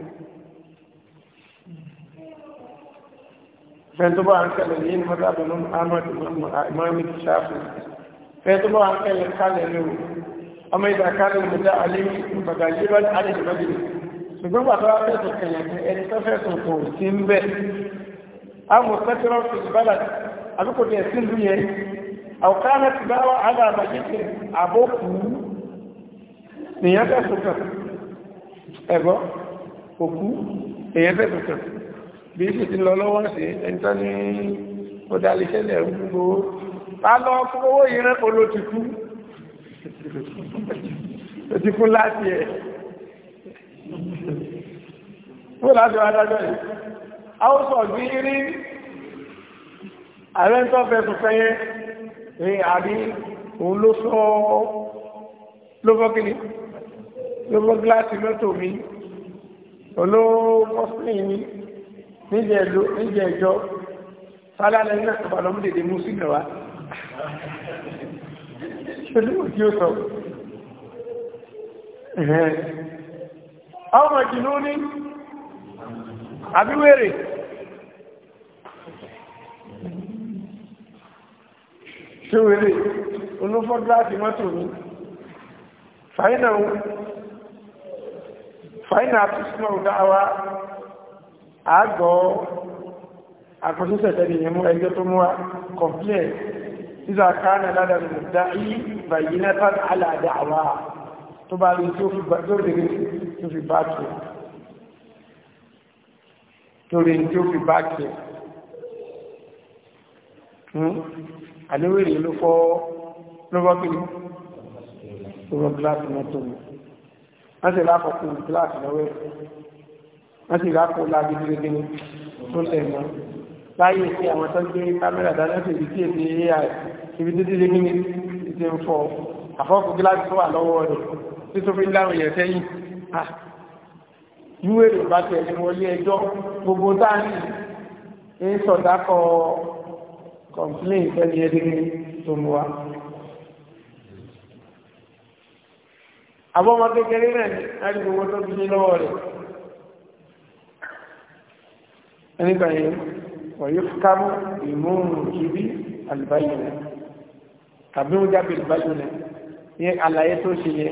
S1: fẹ́ẹ́ tó bá ń kẹlẹ̀ yìí ni mọ́tò àbọ̀ mọ́mọ́ ahmed mohammed shafi fẹ́ẹ́ tó bá ń kẹlẹ̀ kálẹ̀ ní o ọmọ ìgbà kálẹ̀ mọ́tò alẹ́ ìgbàgbà yìí lọ́dẹ alẹ́ ìgbàgbà ṣùgbọ́n bàbá wa fẹ́sùn kẹyàn kẹ ẹni tó fẹ́sùn kò sí ń bẹ̀. àwọn sẹ́kẹ̀rọ̀ fi bàlá àbíkò tẹ̀ sí ìlú yẹn àwòkánà ti bá wa àgbà àbàjẹ́kẹ̀ àbókù nìyẹn fẹ́sùn kàn ẹ̀gbọ́n òkú nìyẹn fẹ́sùn kàn bí i ti lọ lọ́wọ́ sí ẹnitọ́ ní ọdálẹ́sẹ̀lẹ̀ gbogbo bá lọ owó ìrẹ́ polo ti kú ó ti kú láti ẹ̀ ó láti wá dájọ́ yìí a ó sọ bí rí ààrẹ ń tọ́ fẹ̀sùn fẹ́yẹ rí àbí òun ló sọ ló fọ́ kí ni mi olóòkọ́sìn ni níjẹ̀ ẹjọ́ sálálẹ̀ ní àtọ́bà lọ́mú dèdè mú sí mẹ́wàá ṣolúmù tí ó sọ ọmọ ìjìnú ní àbíwèrè ṣíwèrè olúfọ́ gláàsì mọ́tò ní fàínà àtúnṣe náà dáwàá àgọ́ àkọsíṣẹ́ tẹ́lẹ̀ yẹn mú ẹgbẹ́ tó mú wa kọ̀m̀plẹ̀ síza káàna ládàrí dá yí bàyí náà aláàdá àwà tó bá rí tó fi báàkì torí tí ó fi báàkì hmm? àníwèrè ló fọ́ lọ́wọ́kìlì tó rọ gíláàsì mọ́tò mi wọ́n sì láàkọ̀kù gíláàsì lọ́wọ́ wọ́n sì rákò láàbí gẹ́gẹ́ tó lẹ̀ mọ́ láyé sí àwọn tó ń gbé kámẹ́rà dáná sí ibi tí èdè ai ibi títí lé nínú ìdí ń fọ àfọ́kù gíláàsì tó wà lọ́wọ́ rẹ̀ tí tó fi ń dáhùn yẹn sẹ́yìn ìwé ah! rẹ̀ bá tẹ̀ ní wọlé ẹjọ́ gbogbo táàrí tó mú lọ́wọ́ rẹ̀ nígbà yẹn wọ̀nyí kárú ìmúrùn kìbí àlùbáyìnà tàbí ó jábẹ̀ àlùbáyìnà ní àlàyé tó ṣe yẹ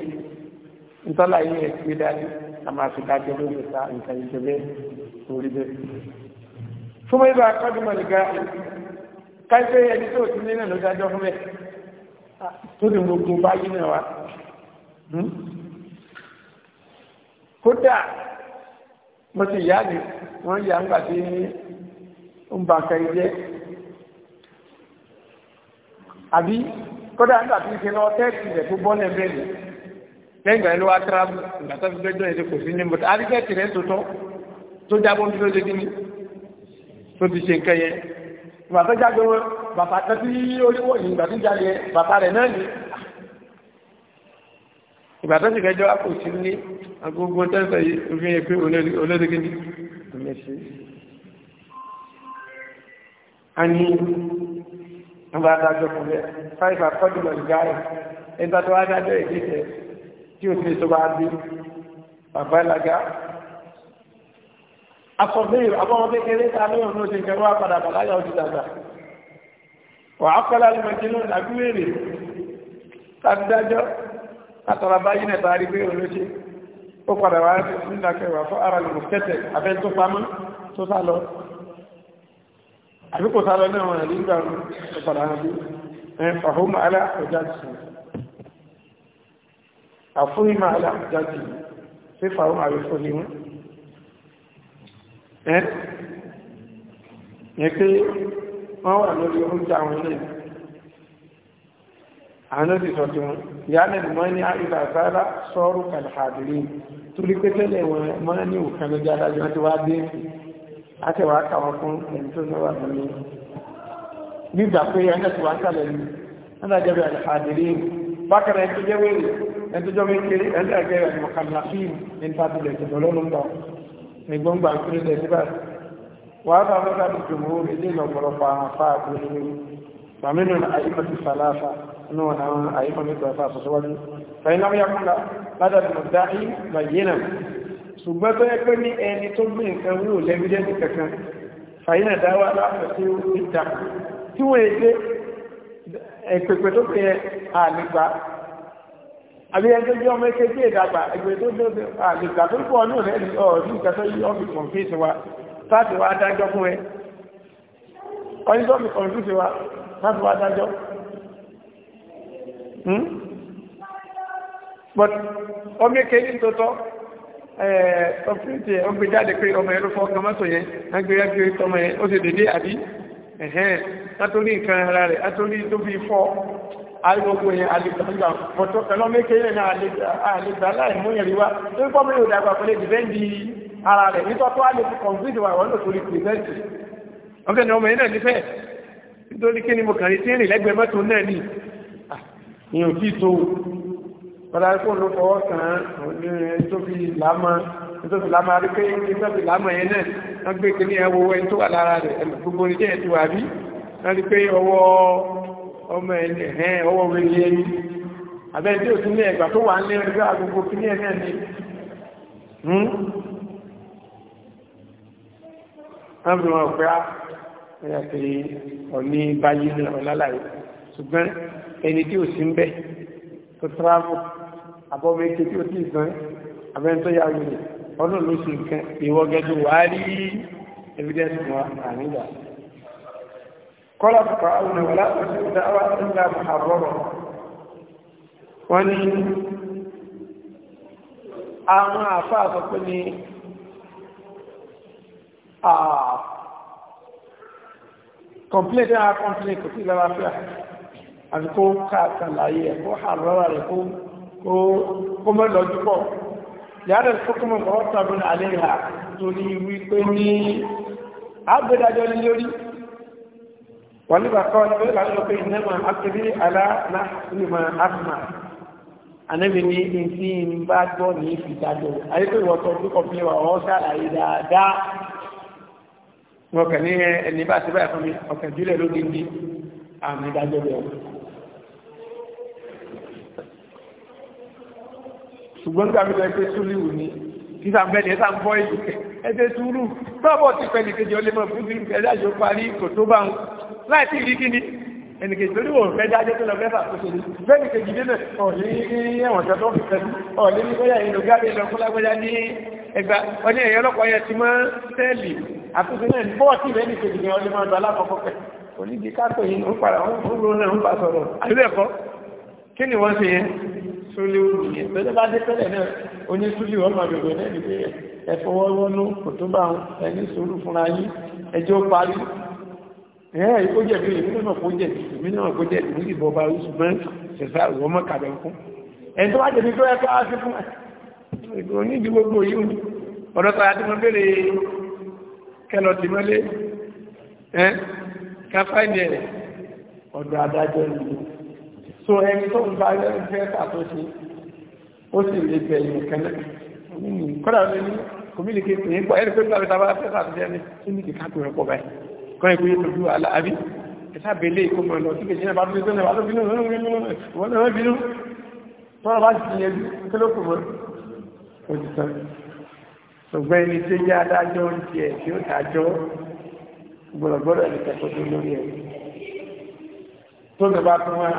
S1: ntọ́láyé ẹ̀ pé dájú a máa fi dájọ́ lórí ìta nǹkan ìjọba orí bẹ́ẹ̀. fún mi bá a kọ́dún mọ̀ nígbà káyipẹ́ ẹni tó ti ní náà ló fún mi tó ní gbogbo báyìí náà wá hmm? kódà mo ti yá ni wọ́n yà ń gbà tí ń ba nǹkan jẹ́ àbí kódà ń gbà tí ń ṣe lọ tẹ́ẹ̀tì rẹ̀ tó bọ́ lẹ́ẹ̀ bẹ́ẹ̀ lẹ́yìn ìgbà yẹn ló wá tíráàbù ìgbà tó fi gbẹ́jọ́ yẹn kò sí ní mọ́tò àbí tẹ́ẹ̀tì rẹ̀ tó tọ́ tó jábọ́ ní lóde kí ni tó ti ṣe nǹkan yẹn ìgbà tó jáde wọn bàtà tó ti orí wọ̀nyí ìgbà tó jáde bàtà rẹ̀ náà ni ìgbà tó sì fẹjọ́ kò sí ní agogo tẹ́sẹ̀ yìí òfin yẹ pé olóòdìgídì mẹ́sì a ní ọba adájọ́ fún rẹ̀ fáìfà kọ́dù lọ ìgbà rẹ̀ ẹgbà tó adájọ́ ìgbésẹ̀ tí ó fi sọba bí bàbá ìlàgá asọ̀bẹ́yìn àbọ̀wọ́ kékeré ta lóyún ló ṣe ń kẹwàá padà bàláyà ó ti dàgbà wà á kọ́lá lọ́mọdé lónìí àbúrò èrè tàbí dájọ́ látara báyìí náà tàrí pé olóṣe ó padà wá nílà kẹwàá fún ara lòrò kẹtẹ abẹ́ tó pamọ́ tó sá lọ àbí kò sá lọ náà wọn àrí ìgbà tó padà hàn bí fàhùmà alá òjájì àfúnimà alá òjájì sí fàhùmà àrífò ní wọn ẹ́ yẹ pé wọ́n wà lórí oúnjẹ àwọn ilé àánọ́sì sọ tí wọn yálẹ̀ ni wọ́n ní àìbà sára sọ́rọ̀ kàlhàdìrí torí pé tẹ́lẹ̀ wọn máa ní òkan lójá adájọ́ tí wá dé àtẹ̀wà káwọn fún ẹni tó náwà lọ́lọ́ nígbà pé ẹni tó wá kálẹ̀ ní adájọ́ bí alhàdìrí bákẹ̀rẹ̀ tó jẹ́ wẹ́rẹ̀ ẹni tó jọ mékèrè ẹni àgẹ́rẹ̀ ni mọ̀kànláfíìm ní tábìlẹ̀ tó lọ́lọ́ lọ́ nígbọ́ngbà kúrẹ́lẹ̀ فمن الأئمة الثلاثة أنه أنا أئمة الثلاثة سوالي فإن لم يكن لدى المدعي بينا ṣùgbọ́n tó yẹ pé ní ẹni tó gbé nǹkan wúrò lẹ́bídẹ́ntì kankan fàyínà dáwà láàpẹ̀sí ìta tí wọ́n èdè ẹ̀pẹ̀pẹ̀ tó pẹ̀ àlìgbà àbí ẹjọ́ jẹ́ ọmọ ẹkẹ́ tí ìdàgbà ẹgbẹ̀ tó dé àlìgbà tó pọ̀ ní ọ̀rẹ́ ọ̀rí ìkàtọ́ yí ọ́fì kọ̀ǹfíìsì wa táàtì wa dájọ́ fún ẹ ọdún tó fi kọ̀ǹfíìsì wa láti wá dájọ́ hmm? but ó mékè ní tótọ́ ọ̀pìnìtì ó jáde pé ọmọ ẹ̀rọ fọ́ ọmọ mọ́tò yẹn agbèrè agbèrè tọmọ yẹn ó sì dédé àbí ẹ̀hẹ́n látòrí nǹkan ara rẹ̀ látòrí tó fi fọ́ agbogbo yẹn alìgbàgbà pọ̀tọ́ ẹ̀lọ́ yẹn náà àlìgbà láì rí wá tó ń pọ́mọ́ yóò dàgbà pẹ̀lẹ́ dìbẹ́ndì ara rẹ̀ nítọ́tọ́ àlè nítorí kí ni mo kàn rí tí rìn lẹ́gbẹ̀ẹ́ mọ́tò náà ní ìyàn kí tó padà kó ló fọwọ́ kàn án tó fi lámọ́ tó fi lámọ́ rí pé ní tó fi lámọ́ yẹn náà wọ́n gbé kí ní ẹwọ́ ẹni tó wà lára rẹ̀ gbogbo ní jẹ́ ètò àbí wọ́n rí pé ọwọ́ ọmọ ẹni ẹ̀hẹ́n ọwọ́ wẹ̀lì ẹni àbẹ́ tí ó tún ní ẹgbà tó wà ń lé ẹgbẹ́ agogo kí ní ẹ̀ náà ni hmm?
S2: wọ́n fi wọn pẹ́ á ah, ẹ̀yà pé ọ̀ní báyìí ní ọ̀nà láláyé ṣùgbọ́n ẹni tí ò sí ń bẹ̀
S1: tó tíráàbù àbọ̀mọ̀ ètò tí ó ti sàn abẹ́ni tó yà wùlẹ̀ ọdún ló sì nǹkan ìwọ gẹ́gẹ́ wà á rí evidence wọn ànígbà kọ́lá pàpà àwọn ọ̀lá ọ̀sẹ̀ ìdáwà ńlá àbọ̀rọ̀ wọ́n complaint náà ah, complaint kò sí lára fíà àti kó káàkàn láyé ẹ̀ kó hà lọ́wọ́ rẹ̀ kó mọ́ lọ́jú pọ̀ yàrá ìfọ́kùnmọ̀ ọ̀rọ̀ tàbí àlẹ́ ìhà torí wípé ní àgbẹ̀dájọ́ ní lórí wọ́n nígbà kọ́ ní pé láti lọ pé ìnẹ́mà àkébí aláàlá ìmọ̀ àfìmà wọn kàn ní eh, ẹni bá ti báyìí fún mi ọkàn jùlẹ̀ ló dín ní àmì ìdájọ́ rẹ̀ ṣùgbọ́n nígbà mi lọ pé súlíù ni títà ń bẹ́ni ẹ́sà ń bọ́ ìlú ẹgbẹ́ súlù tọ́bọ̀ ti pẹ́ nìkejì ó lè mọ̀ fún ìlú ẹ̀dá yóò parí kò tó bá wọn láì sí ìrí kíni ẹnìkejì lórí òun fẹ́ dájọ́ tó lọ fẹ́ fàkóso ní bẹ́ẹ̀ nìkejì dé náà ọ̀lẹ́ ní ẹ̀wọ̀n tó tó fi pẹ̀lú ọ̀lẹ́ ní bóyá ìlú gáàrí lọ fún lágbẹ́dá ní ẹgbà ọdún ẹ̀yọ́ ọlọ́pàá yẹn ti mọ́ sẹ́ẹ̀lì àtúnṣe náà ní bọ́ọ̀tì rẹ̀ ní kejì ní ọdún mọ́tò alákọ̀ọ́kọ́ pẹ̀ kò ní di kápẹ́ yìí ó padà ó ló náà ń bá sọ̀rọ̀ àbíbẹ̀kọ́ kí ni wọ́n ṣe yẹn súlé òru yẹn pẹ̀lú bá dé pẹ́lẹ̀ náà oní súlé wọn máa bèbè náà ní pé ẹ fọwọ́ wọnú kò tó bá ẹni sùúrù fúnra yín ẹjọ́ parí ẹ̀ẹ́ ikó jẹ̀bi èmi náà kó jẹ̀bi èmi náà kó jẹ̀bi mú ìbọn bá oṣù mẹ́ ṣẹ̀ṣà ìwọ́n mọ́ kàbẹ̀ fún ẹni kẹlọ ti mọ́lé ẹ́ káfáìnì ẹ̀ ọ̀dọ̀ adájọ́ ìlú so ẹni tó ń bá ẹni fẹ́ ṣàtúnṣe ó sì lè bẹ̀yìn kẹlẹ́ kọ́dà ló ní kòmílìkì pè é pọ̀ ẹni pé gbàgbé tábà fẹ́ ṣàtúnṣe ẹni tó ní kíkà tó rẹ̀ pọ̀ báyìí kọ́ ẹ̀ pé yóò tójú àbí ẹ̀sà bèlè kó mọ̀ lọ síbi ìṣẹ́nà bá tó tó náà bínú wọn náà bínú tọ́rọ bá ti yẹn kí ló kò mọ́ òjìṣẹ́ ṣùgbọ́n ẹni tí ó jẹ́ adájọ́ ń tiẹ̀ tí ó dájọ́ gbọ́dọ̀gbọ́dọ̀ ní kẹ́kọ̀ọ́ lórí ẹ̀ tó lè bá fún wa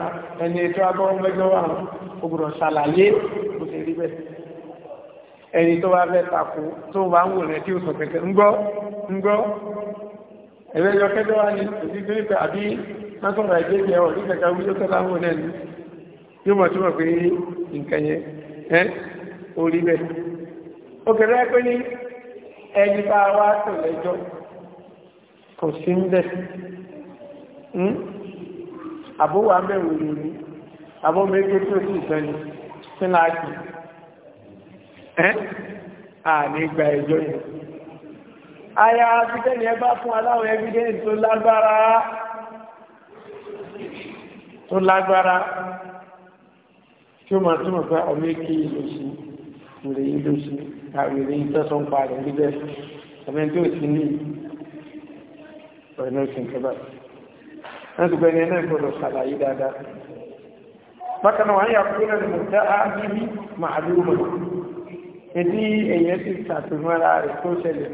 S1: ẹni ètò abọ́wọ́ mẹ́jọ wà ó gbọ́dọ̀ ṣàlàyé kò sì rí bẹ́ẹ̀ ẹni tó wá fẹ́ takò tó wà ń wò rẹ̀ tí ó sọ kẹ̀kẹ́ ńgbọ́ ńgbọ́ ẹ̀rẹ́ yọ kẹ́jọ́ wá ní òsì tó nípa àbí mọ́tòrò ẹ̀jẹ̀ jẹ́ ọ̀ ní kẹ̀kẹ́ wíjọ́ tó láwọn náà ní yóò mọ̀ tí wọ́n pé nǹkan yẹn ẹ́ orí bẹ́ẹ̀ obìnrin ẹ pé ní ẹni bá wá tó lẹ́jọ́ kò sí ń bẹ̀ hmm? àbúwà mẹ́wòó ni ní àbọ̀ méjì tó sì sẹ́ni sínú àjì ẹ́ àní gba ẹjọ́ yẹn aya afitẹ́ni ẹ bá fún aláwọ̀ evidence tó lágbára tó lágbára tí ó máa túnmọ̀ pé ọmọ èké ìlú sí ìrèyìn ló sí àwèrè ìtọ́sọ́ ń pa rẹ̀ níbẹ̀ ọ̀bẹ̀ tí ó sì ní
S2: ọ̀rẹ́ náà sì ń kẹba
S1: náà ti gbẹ̀rẹ̀ náà gbọ́dọ̀ ṣàlàyé dáadáa bákan náà wáyé àkúrẹ́ ní mọ̀tá ábíbí màálùmọ̀ ẹ̀dí èyẹ ti ṣàtìmọ́ra rẹ̀ tó ṣẹlẹ̀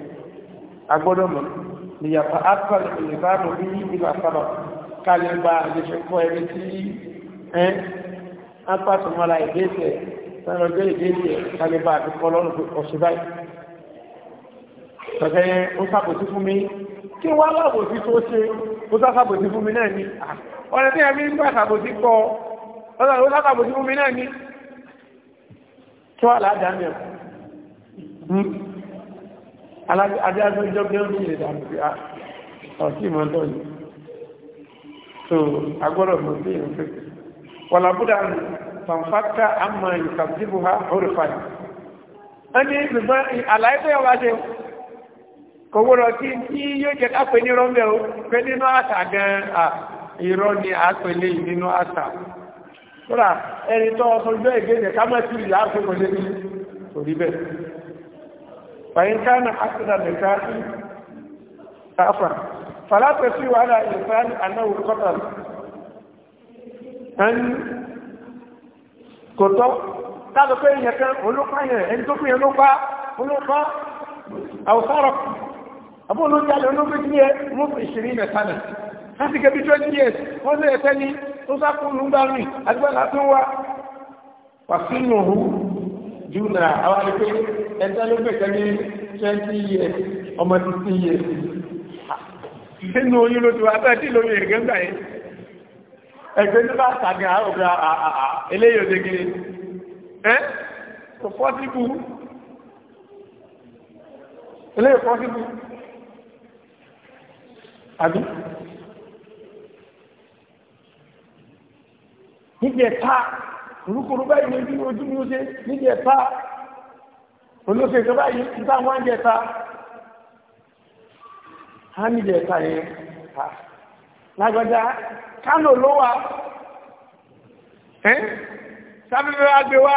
S1: agbọ́dọ̀ mọ̀ níyàtọ̀ akọ̀ ìbámu bí ìlà sábà kálẹ̀ gba àdéṣekọ́ ẹni tí ẹ́ apá tòmọ́ra ìgbésẹ̀ sọ̀rọ̀ jẹ́ ìdí ìdí kálíbà àti kọlọ́nù ọ̀ṣù báyìí. Sọ̀tẹ́ yẹn ó sàbòsí fún mi. Kí wá lábòsí tó ṣe ó sàbòsí fún mi náà ni. Ọ̀rẹ́ tí ẹbí ń gbà sàbòsí pọ̀ ó sàbòsí fún mi náà ni. Kí wá làádá mi hmm? ọ̀? Adájọ́ ìjọ gbé ń bìí ìdàmú sí a. Ọ̀sí ìmọ̀ ń tọ́jú. So agbọ́dọ̀ mọ̀ sí ìrìnfẹ́. Wàlàbúdà nù fanfata amma yukazzibu ha orifan ẹni ṣùgbọ́n àlàyé tó yọba ṣe kò wúrọ̀ tí tí yóò jẹ́ kápẹ́ ní rọ́mbẹ́ o pé nínú àṣà gan-an irọ́ ni àpẹẹlẹ́ nínú àṣà kódà ẹni tó ọsọjọ́ ìgbéjẹ̀ ká mọ́ sí ìyá àpẹẹkọ̀ lé ní orí bẹ́ẹ̀ fàyínká na àṣìdá nìka káfà fàlápẹ̀ sí wàhálà ìfẹ́ àná òkúta kò tọ́ táàlù pé èèyàn kan olópa yẹn ẹni tó fi yẹn ló pa olópa àwòsàrọ̀ àbó olójàlè olóògbé ní ẹ mú ìṣirí mẹ́tánà láti gẹ́bí twenty years wọ́n lé ẹ̀fẹ́ ní tó sákùn lùgbàmì àdúgbàlá tó wá wàsínú òhun júnà àwọn àdúgbò ẹ̀dá ló gbẹ̀kẹ́ ní twenty years
S2: ọmọ twenty years
S1: sínú oyún ló ti wá bẹ́ẹ̀ tí lórí ẹ̀gẹ́ ń gbà yẹn ẹgbẹ́ tó bá sàmì àárọ̀gbà àà eléyìí òdegere ẹ́ kò pọ́síbù eléyìí pọ́síbù àbí níbi ẹ̀ta orúkúrú báyìí ní ojú ní oṣe níbi ẹ̀ta olóṣè ìjọba yìí ti táwọn ẹ̀ta á níbi ẹ̀ta yẹn lágbàjá kánò ló wà ẹ́ sábẹ́fẹ́ wá gbé wá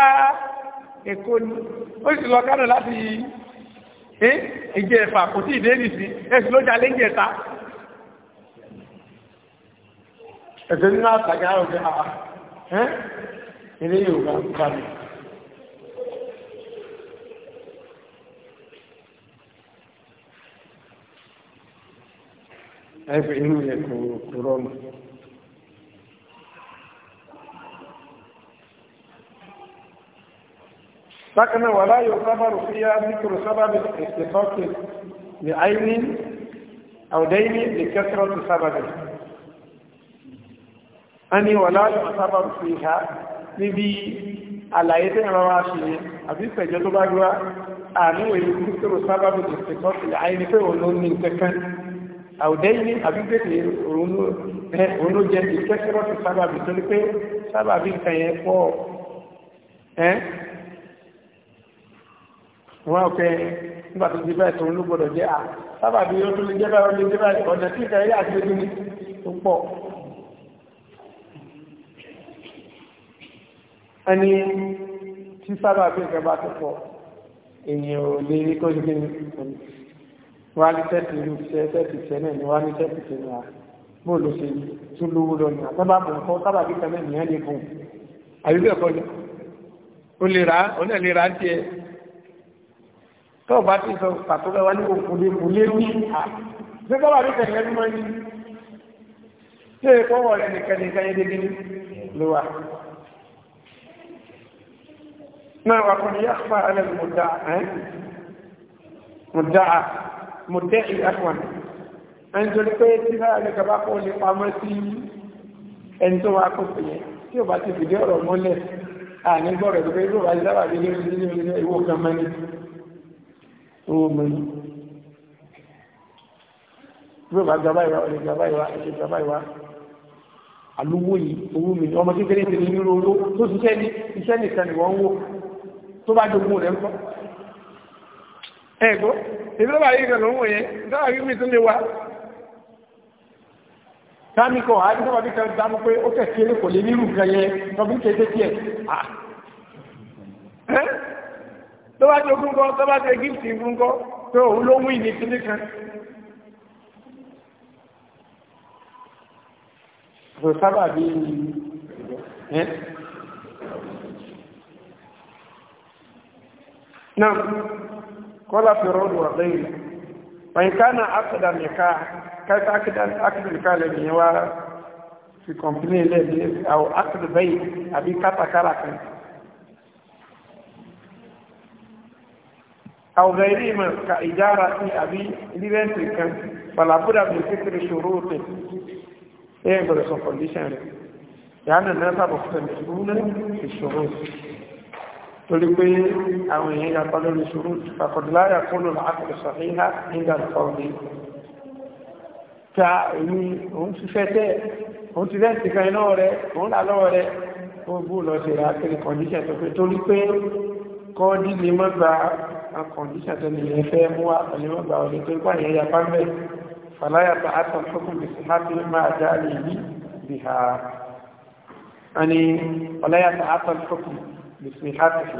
S1: èkó ni ó sì lọ kánò láti ẹ́ ìjẹ́ ẹ̀fà kò tí ìdé nìsí ẹ̀sùn ló jalé ìjẹ́ ta ẹ̀sùn nínú àtàgà ọ̀gá ah, ah, ẹ́ ilé yóò gbà ẹ̀fẹ̀ inú rẹ̀ kò rọrùn. bákan náà wà láyò sábàrù fún yá nítorò sábàbí ìsìnkọ́kì ní àìní àwòdẹ́yìní ní kẹsìrọ̀ tó sábàbí. a ní wà láyò sábàrù fún ìhá níbi àlàyé tí a máa ṣe àbí ìfẹ̀jọ́ tó bá gbá àníwò ìlú nítorò sábàbí ìsìnkọ́kì àìní pé òun ló ní kẹ́kẹ́ àwùdẹ́yìn àbígbèsè òun jẹ́ ìkẹ́kẹ́rọ́sì sábàbí tó ní pé sábàbí nǹkan yẹn pọ̀ ẹ́ wọ́n ọ̀kẹ́ nígbà tó ti bẹ́ẹ̀ tó ń ló gbọ́dọ̀ jẹ́ à sábàbí ó tó lè jẹ́ bá ọdún jẹ́ bá ọ̀nà tí ìkẹ́ yà ti lójú ní tó pọ̀ ẹni tí sábàbí wá ní tẹ́tì ìlú ṣe tẹ́tì ṣe náà ni wá ní tẹ́tì ṣe náà bó ló ṣe tún lówó lọ ní àtọ́bà bò ń kọ́ sábà bí kan náà nìyẹn lè fún un àbí bẹ́ẹ̀ kọjá ó lè rà ó náà lè rà á tiẹ̀ tó o bá ti sọ pàtó rẹ wá ní òkúlé kúlé wí à ṣé sábà kan yẹn máa ń yí ṣé èkó wọ̀ rẹ̀ nìkan nìkan yẹn débi ló wà. náà wà kò ní yàgbà mọ̀tẹ́ì àtùwọ̀n ẹni tó lè pé tí láàrin gaba kọ́ lè pamọ́ sí ẹni tó wà kó pè yẹn tí ò bá ti fìdí ọ̀rọ̀ mọ́lẹ̀ àní gbọ́rọ̀ tó pé yóò bá sábà bí ní orí ní ìwò kan mẹ́ni owó mẹ́ni yóò bá gaba ìwà ọ̀rẹ́ gaba ìwà ẹ̀ṣẹ̀ gaba ìwà àlúwò yìí owó mi ọmọ kékeré ti ní nínú owó tó ṣiṣẹ́ nìkan ni wọ́n ń wò tó bá dogun rẹ̀ ń kọ́ ẹ̀gbọ́n ìdílọ́bà yìí kan ló ń wòye ìdílọ́bà yìí mi tún lè wá sáàmì kan àá ìdílọ́bà bí kan dámú pé ó kẹ̀kẹ́ kò lè nírú nǹkan yẹn tọ́bí kéde tiẹ̀ tó bá tó gúngọ́ tó bá tó gíftì gúngọ́ tó òun ló mú ìní kíní kan kò sábà bí náà kọ́lá fẹ̀rọ lọ́wọ́ lẹ́yìn wọ́n ká na akọ̀dà nìka káta akọ̀dà nìka lẹ́yìn yẹn wá fi kọ̀mpínì lẹ́yìn àwọn akọ̀dà bẹ́yìn àbí kátàkárà kan. أو غيرهما كإدارة أبي لبنتك فلا بد من ذكر شروطه إيه بس condition يعني الناس مختلفون في الشروط torí pé àwọn èèyàn yàtọ̀ lórí ṣúrú fàkọ̀dùláyà kúrò láàkùrù sọ̀fíhá nígbà fọ́ọ̀dí ta èmi òun ti fẹ́ tẹ́ òun ti rẹ́ ti kan iná rẹ̀ òun là lọ́wọ́ rẹ̀ ó bú lọ sí ra kiri kọ̀ndíṣẹ̀ tó pé torí pé kọ́ọ́dí lè mọ́ gba kọ̀ndíṣẹ̀ tó lè yẹn fẹ́ mú àpẹẹlẹ mọ́ gba ọ̀dẹ tó pà yẹn yapa mẹ́ fàláyà ta àtàn fókùn bí sí láti máa dá lè yí bìhà. ani fàláyà ta àtàn fókùn bìsí hàtìfì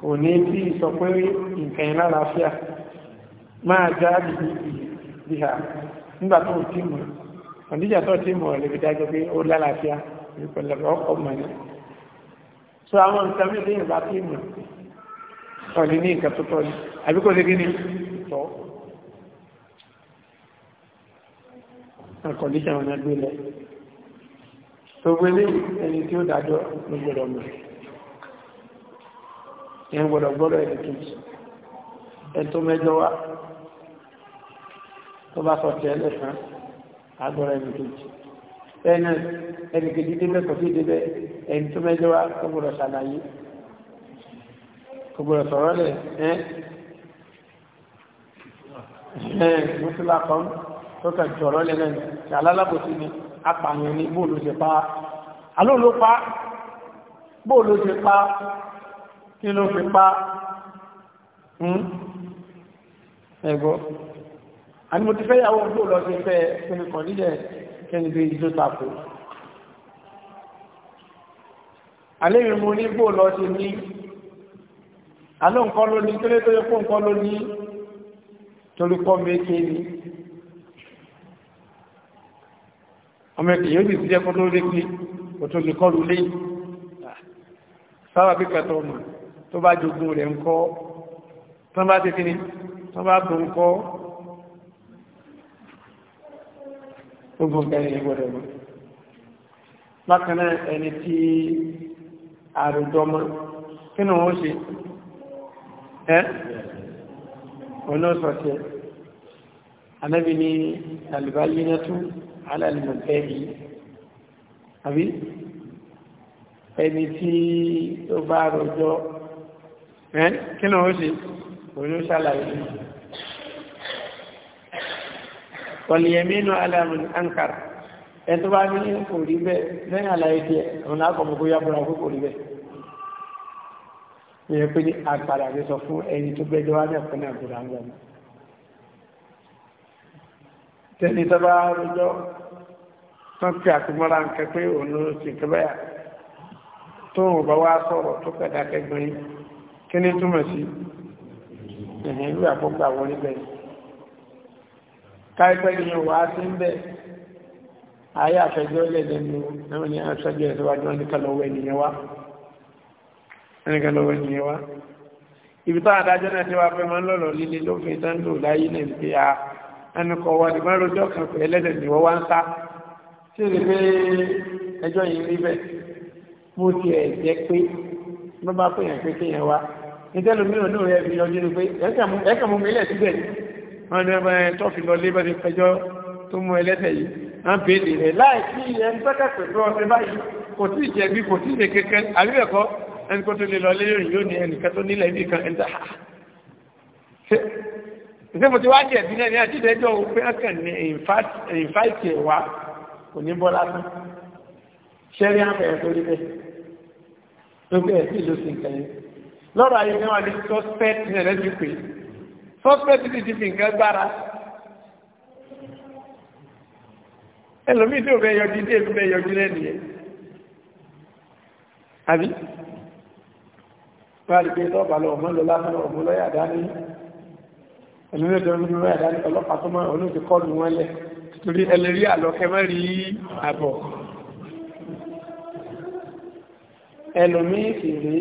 S1: kò ní tí sọ pé nǹkan iná láfíà máa já bìbí bìhà nígbà tó tí mọ̀ ọ̀díjà tó tí mọ̀ lè fi dájọ́ pé ó lálàáfíà ìpẹ̀lẹ̀ ọkọ̀ mọ̀ so àwọn nǹkan mí lẹ́yìn bá tí mọ̀ ọ̀lẹ́ ní nǹkan tó tọ́ ní àbí kò lè gí ní tọ́ ọkọ̀ díjà wọn gbé lẹ̀ tó gbé lẹ́yìn ẹni tí ó dájọ́ ló gbọ́dọ̀ mọ̀ ìyẹn gbọ́dọ̀ gbọ́dọ̀ ẹni kejì ẹni tó mẹ́jọ wá tó bá sọ tẹ́ lẹ́sàn agbọ́dọ̀ ẹni kejì ẹni ẹni kejì débẹ̀ kò sí débẹ̀ ẹni tó mẹ́jọ wá kò gbọ́dọ̀ ṣàlàyé gbọ́dọ̀ sọ̀rọ̀ lẹ̀ ẹ́ mùsùlá kan tó kà jọ̀rọ̀ lẹ̀ ni apààyàn ni bóòlù ṣe pa á kí ló fi pa hmm? ẹgbọ́ àti mo ti fẹ́ yàwó ń lò lọ sí fẹ́ kíni kan nílẹ̀ kíni bí ìjó tako àlémi mo ní gbò lọ sí ní àló nǹkan ló ní tó lé tó yẹ kó nǹkan ló ní torí kọ́ méke ni ọmọ ẹ̀kẹ́ yóò sì jẹ́ kó tó lé pé kò tó lè kọ́ ah, sáwà bí kẹtọ́ mọ̀ tó bá jogún rẹ̀ ńkọ́ tó bá ti kíni tó bá bò ńkọ́ gbogbo kẹrin ní gbọdọ̀ mọ́ bákan náà ẹni tí àrùdọ́mọ́ kí ni wọ́n ṣe ẹ́ ọ̀nà sọ̀tẹ̀ anábi ni alìbáyé náà tún alàlìmọ̀tẹ́ yìí àbí ẹni tí ó bá rọjọ́ ẹ́ kí náà ó ṣe olú ṣàlàyé kọlìyẹ̀mínú alamun ankara ẹ tó bá ní kò rí bẹ́ẹ̀ lẹ́yìn àlàyé tiẹ̀ òun náà kọ̀mọ̀ kó yábọ̀ra kó kò rí bẹ́ẹ̀ ní ẹ pé ní agbára mi sọ fún ẹni tó gbẹ́jọ́ wá náà fún àbúrò àwọn ọmọ tẹ́lẹ̀ tó bá rọjọ́ tán pé àtúmọ́ra nǹkan pé òun ló ti kẹ́bẹ́yà tóun bá wá sọ̀rọ̀ tó kẹ́dà kẹgbẹ́rin kí ní túmọ̀ sí ẹ̀hìn ìlú àpọ́gbà wọlé bẹ́ẹ̀ káìpẹ́ ni wà á sí ń bẹ́ ayé àfẹ́jọ́ lẹ́dẹ̀ ní ẹwọ́n ni àṣọ́jọ́ ìṣẹ́wájú wọn ní kálọ̀wọ́ ènìyàn wá ibi tó àdájọ́ náà tí wà fẹ́ mọ́ lọ́lọ́ líle ló fi tán lò láyé náà pé a ẹnukọ̀ wà ní márùn ọjọ́ kan pẹ̀lú ẹlẹ́dẹ̀ ni wọ́n wá ń sá sí rí pé ẹjọ́ yìí rí bẹ́ẹ̀ mo ti ẹ̀ jẹ́ pé bá bá pèèyàn pé kéèyàn wá nítẹ́lu mìíràn náà rẹ̀ fi yanjú ni pé ẹ̀kà mú mi lẹ̀ síbẹ̀ ni wọ́n ní ọmọ ẹ̀ tó fi lọ lé bẹ́ẹ̀ pẹjọ́ tó mú ẹlẹ́tẹ̀ yìí á ń pèlè rẹ̀ láì sí ẹni tọ́kà pẹ̀lú ọ̀sẹ̀ báyìí kò tí ì jẹ̀bi kò tí ì lè kẹ̀kẹ́ àbíbẹ̀kọ́ ẹni kó tó lè lọ lé lórí yóò ní ẹnìkan tó nílẹ̀ ibi kan ẹni tàà ṣe mo ti wá jẹ̀bi náà ní àti ìdẹ́jọ́ pé ọkàn ní ìfáìtì ẹ̀wà kò ní bọ́ lásán ṣẹ́rí àfẹ́yẹ̀ tó ìlú sí nǹkan lọ́rọ̀ ayé náà ní suspect ní ẹ̀rẹ́dì pé suspect ti ti fi nǹkan gbára ẹlòmíì tí ò fẹ́ yọjú dé ìlú fẹ́ yọjú lẹ́nu yẹn àbí wọ́n á lè gbé tọ́ọ̀bà lọ ọmọ lọ lásán ọmọ lọ́yà dání ẹlòmíì tó ń bí lọ́yà dání ọlọ́pàá tó máa olóòtú kọ́ọ̀lù wọn lẹ̀ torí ẹlẹ́rí àlọ́kẹ́ má rí àbọ̀ ẹlòmíì sì rèé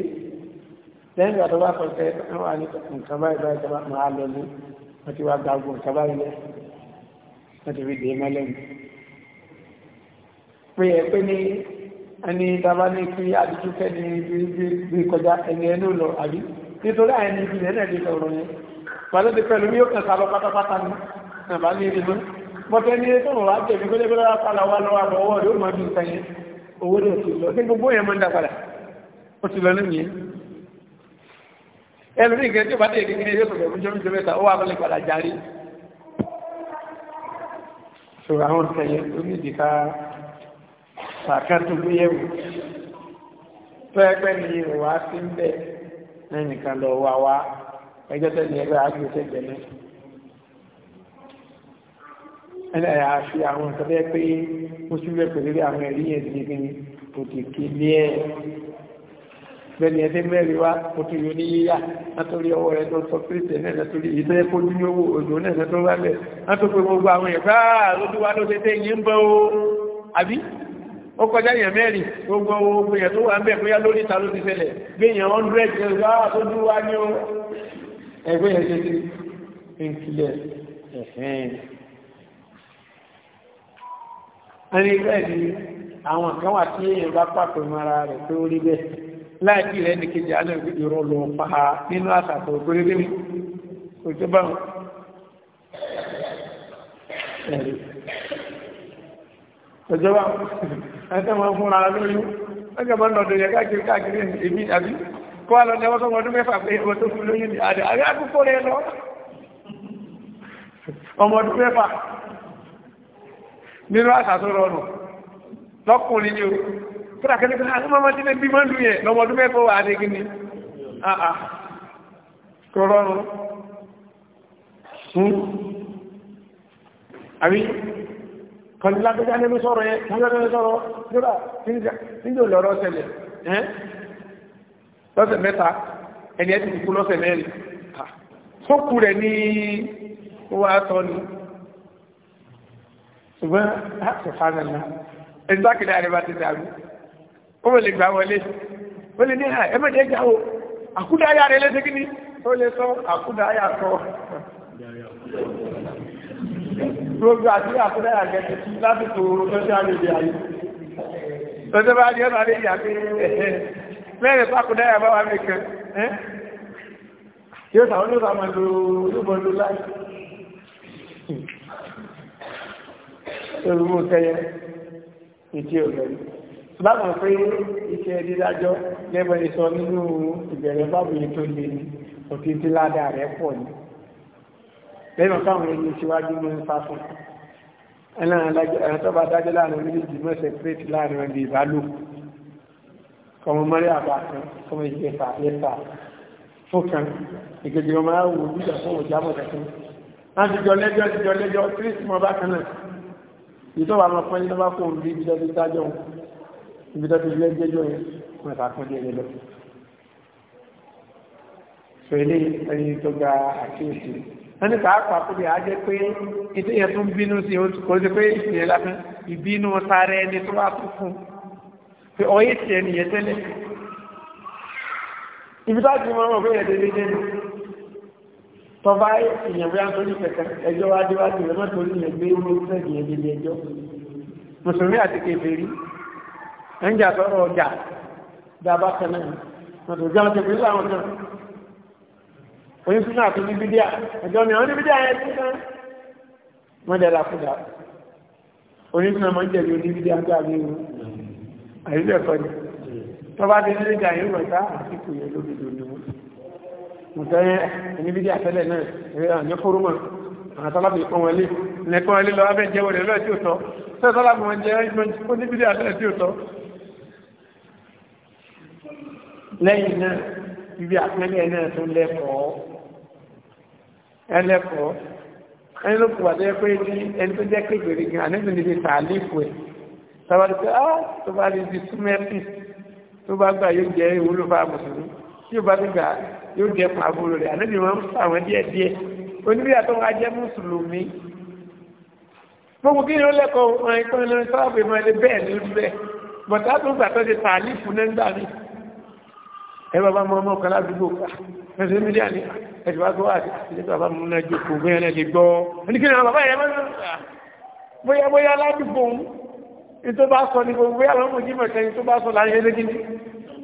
S1: lẹ́yìn ìgbà tó bá sọ pé wọ́n wà ní nǹkan báyìí báyìí tó bá máa lọ ní wọ́n ti wá gba gbogbo nǹkan báyìí lẹ́ wọ́n ti fi dè é mọ́lẹ̀ mi. pé ẹ pé ní ẹni dábàá ní kí àdìjú kẹ́ni gbé kọjá ẹni ẹnu lọ àbí nítorí àyẹ̀ni ìbílẹ̀ náà ti sọ̀rọ̀ yẹn pàdé ti pẹ̀lú bí ó kàn sálọ pátápátá ni nàbà ní ìdìbò bọ́tẹ́ ní ètò wà jẹ̀bi kó lébẹ́lá padà wà lọ́wọ́ àbọ̀wọ́ rẹ̀ ó máa bí nǹkan yẹn owó lè ti lọ ní gbogbo yẹn máa ń dá padà ó ti lọ nínú yẹn ẹlòmíì kẹ́ tí ó bá dé kékeré yóò sọ̀rọ̀ fún jọ́mí jọ́mẹ́ta ó wà lọ́lẹ̀ padà járí so àwọn kẹyẹ tó ní ìdíká pàkà tó gbé yẹ̀wò tó ẹgbẹ́ ni ìwà sí ń bẹ̀ ẹnìkan lọ wà wá ẹjọ́ tẹ́lẹ̀ ẹgbẹ́ àgbẹ̀tẹ̀ gbẹ̀lẹ́ ẹnì àyà àfi àwọn nǹkan pé mo sì rẹ̀ pẹ̀lú àwọn ẹ̀rí yẹn bẹ́ẹ̀ni ẹ̀dẹ́ mẹ́rin wá kò tún yóò ní yíyá látọ́rí ọwọ́ rẹ̀ tó sọ kírísẹ̀ náà látọ́rí ìtẹ́ kó ní owó òjò náà tó wá bẹ̀ látọ́ pé gbogbo àwọn èèyàn bá ah, lójú wá ló ṣe tẹ́ yín ń bọ́ o àbí ó kọjá èèyàn mẹ́rin gbogbo gbogbo èèyàn tó wà ń bẹ̀ bóyá lórí ìta ló ti ṣẹlẹ̀ bí èèyàn hundred years ah, wá ní o ẹgbẹ́ yẹn ṣe ti ń kílẹ̀ ẹni bẹ́ẹ̀ ni àwọn kan wà tí èèyàn bá pàtó mara rẹ̀ tó láìpí rẹ̀ ní kejì alẹ́ ìrọ̀ lọ pa nínú àtàkọ̀ ògbérébé mi kò tó bá wọn. ọjọ́ bá ẹ̀sẹ̀ wọn fúnra lórí ọjọ́ bá lọ́dọ̀ yẹ káàkiri káàkiri èmi àbí kó wà lọ́dọ̀ ẹwọ́ sọmọ ọdún mẹ́fà pé ẹwọ́ tó fún lóyún ní àdé àrí àkókò rẹ̀ kúrò kẹ́lẹ́ kúrò àwọn ọmọdé lè bí mọ́lú yẹn lọ́mọdún mẹ́fọ́ wà ní gíní àà ah, ah. kò rọrùn fún hmm? àbí kọlùlá tó já nínú sọ̀rọ̀ yẹn kọlùlá tó sọ̀rọ̀ jọ́rà níjò lọ́rọ̀ ṣẹlẹ̀ lọ́sẹ̀ mẹ́ta ẹni ẹ́ ti kú lọ́sẹ̀ mẹ́rin fókù ah. rẹ̀ ní ṣùgbọ́n láti fánà náà ẹni bá kìdá ti dàrú ó mọ̀ lè gbà wọlé ó lè ní ẹ̀mẹ́dẹ́ gbà o àkúdáyà rẹ̀ lẹ́sẹ̀ kí ni ó lè sọ àkúdáyà kọ gbogbo àti àkúdáyà gẹ̀ẹ́gẹ́ láti tó social media ayé tọ́jọ́ bá ní ọ̀nà àríyà pé mẹ́rin pàkúdáyà bá wà mẹ́kan yóò sàwọn ló sàmà lò lóbọn ló láì
S2: Olùmọ̀ kẹyẹ,
S1: ìdí ògbẹ̀rẹ̀ báwọn pé iṣẹ́ dídájọ́ lẹ́bọn ìsọ nínú ìbẹ̀rẹ̀ bábòye tó lè ní òfin tí ládàá rẹ̀ pọ̀ ní lẹ́nu táwọn ẹni síwájú mú ń sá fún ẹ̀nà tó bá dájọ́ láàrin méjèèjì mọ́sẹ̀ pẹ́ẹ̀tì láàrin ẹ̀bí ìbálò kọmọ mọ́rí àbákan fún ìgbẹ̀fà lẹ́fà fúnkan ìgbẹ̀jì ọmọ àwọn olùdíjà fún òjábọ̀ kankan láti jọ lẹ́jọ́ ti jọ lẹ́jọ́ kírísì mọ́ bákan náà ìtọ́wà mọ́ fún ẹni tó bá kó òun bí ibi ibi tó ti lé jẹ́jọ́ yẹn wọ́n ẹ̀ka kan díẹ̀ lọ. sọ ilé ẹni tó gba àkíyèsí wọ́n ní pàápàá kó lè á jẹ́ pé ìdí yẹn tó ń bínú sí oṣù kò sí pé ìsìn lásán ìbínú sáré ẹni tó wà tó fún pé ọyẹ́ ti ẹni yẹn tẹ́lẹ̀ ibi tó ti mọ́ ọgbẹ́ yẹn dédé dénú tó bá èèyàn bí a ń ẹjọ́ wájú wájú rẹ̀ mọ́tò orí yẹn gbé orí ẹjọ́ mùsùlùmí àti kèfèrí ń jà sọ̀rọ̀ ọjà dábàá kẹ́lẹ́ ọ̀dọ̀ ìjọba ti pèsè àwọn kan oyún sínú àti bíbídíà ẹjọ́ mi àwọn bíbídíà yẹn ti sàn wọ́n dẹ̀ lákúdà oyún sínú àmọ́ jẹ̀bi oníbídíà gbà mí o àyílẹ̀ kọ́ ni tọ́ba ti nílé ìjà yìí rọ̀ta àti kù yẹn lóbi lónìí lẹ́yìn náà ibi àpẹẹlẹ náà tó lẹ́kọ̀ọ́ ẹlẹ́kọ̀ọ́ ẹni ló kùwà tó yẹ pé ní ẹni tó jẹ́ kékeré gan àníbi níbi tààlífù ẹ̀ sábàdì pé áá ah! tó bá lè di súnmẹ́tì tó bá gbà yóò jẹ́ ìwúlò bá mùsùlùmí tí yóò bá ti gbà yóò jẹ́ fún àbúrò rẹ̀ àníbi wọn ń fa àwọn díẹ̀ díẹ̀ oníbíyà tó wá jẹ́ mùsùlùmí gbogbo kí ni ó lẹ́kọ̀ọ́ ọ̀rìn kan lórí sábàbí mọ́ ẹni bẹ́ẹ̀ ní bẹ́ẹ̀ bọ̀tá tó gbà ẹ bàbá mọ ọmọ kan ládùúgbò ẹsẹ̀ mídíà ni ẹsẹ̀ bá tó wà sí ilé bàbá mọ náà jókòó bóyá náà lè gbọ́ oníkìlì àwọn bàbá yẹn ah, bóyá bóyá ládùúgbò ń tó bá sọ ní gbogbo bóyá lọ́mọ jí mọ̀ sẹ́yìn tó bá sọ láyé lẹ́gìn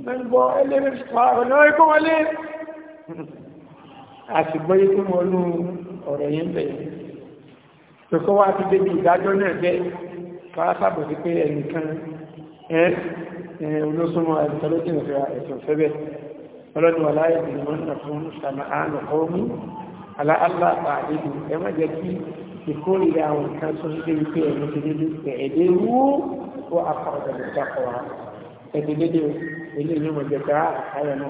S1: mẹ́gbọ́ ẹlẹ́rìí pààrọ̀ náà ikú wọlé àtìgbọ́ ikú wọlú ọ̀rọ̀ yẹn bẹ̀ tòkọ́ wá ti débi ìdájọ́ náà
S2: jẹ́ fàáfàbọ̀
S1: sí pé ẹnìkan ẹ́ olóṣùmọ̀ ẹ̀tọ́lójì ìfẹ́ ẹ̀tọ́ fẹ́bẹ̀ ọlọ́dún aláyé ìgbìmọ̀nà fún ṣàmàánù ọmú aláàlá àdéjù ẹ má jẹ́ kí ìkórìíra àwọn nǹkan tó ń gbé wípé ẹ̀mí ti dédé ẹ̀ẹ́dẹ́ wó ó akọ̀ọ̀dọ̀ lè dákọ̀ọ́ ẹ̀dẹ́ dédé ilé ìlú mọ̀jẹ̀ká àkáyọ̀ náà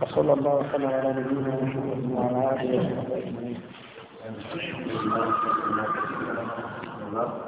S1: bá الله وسلم على نبينا
S2: محمد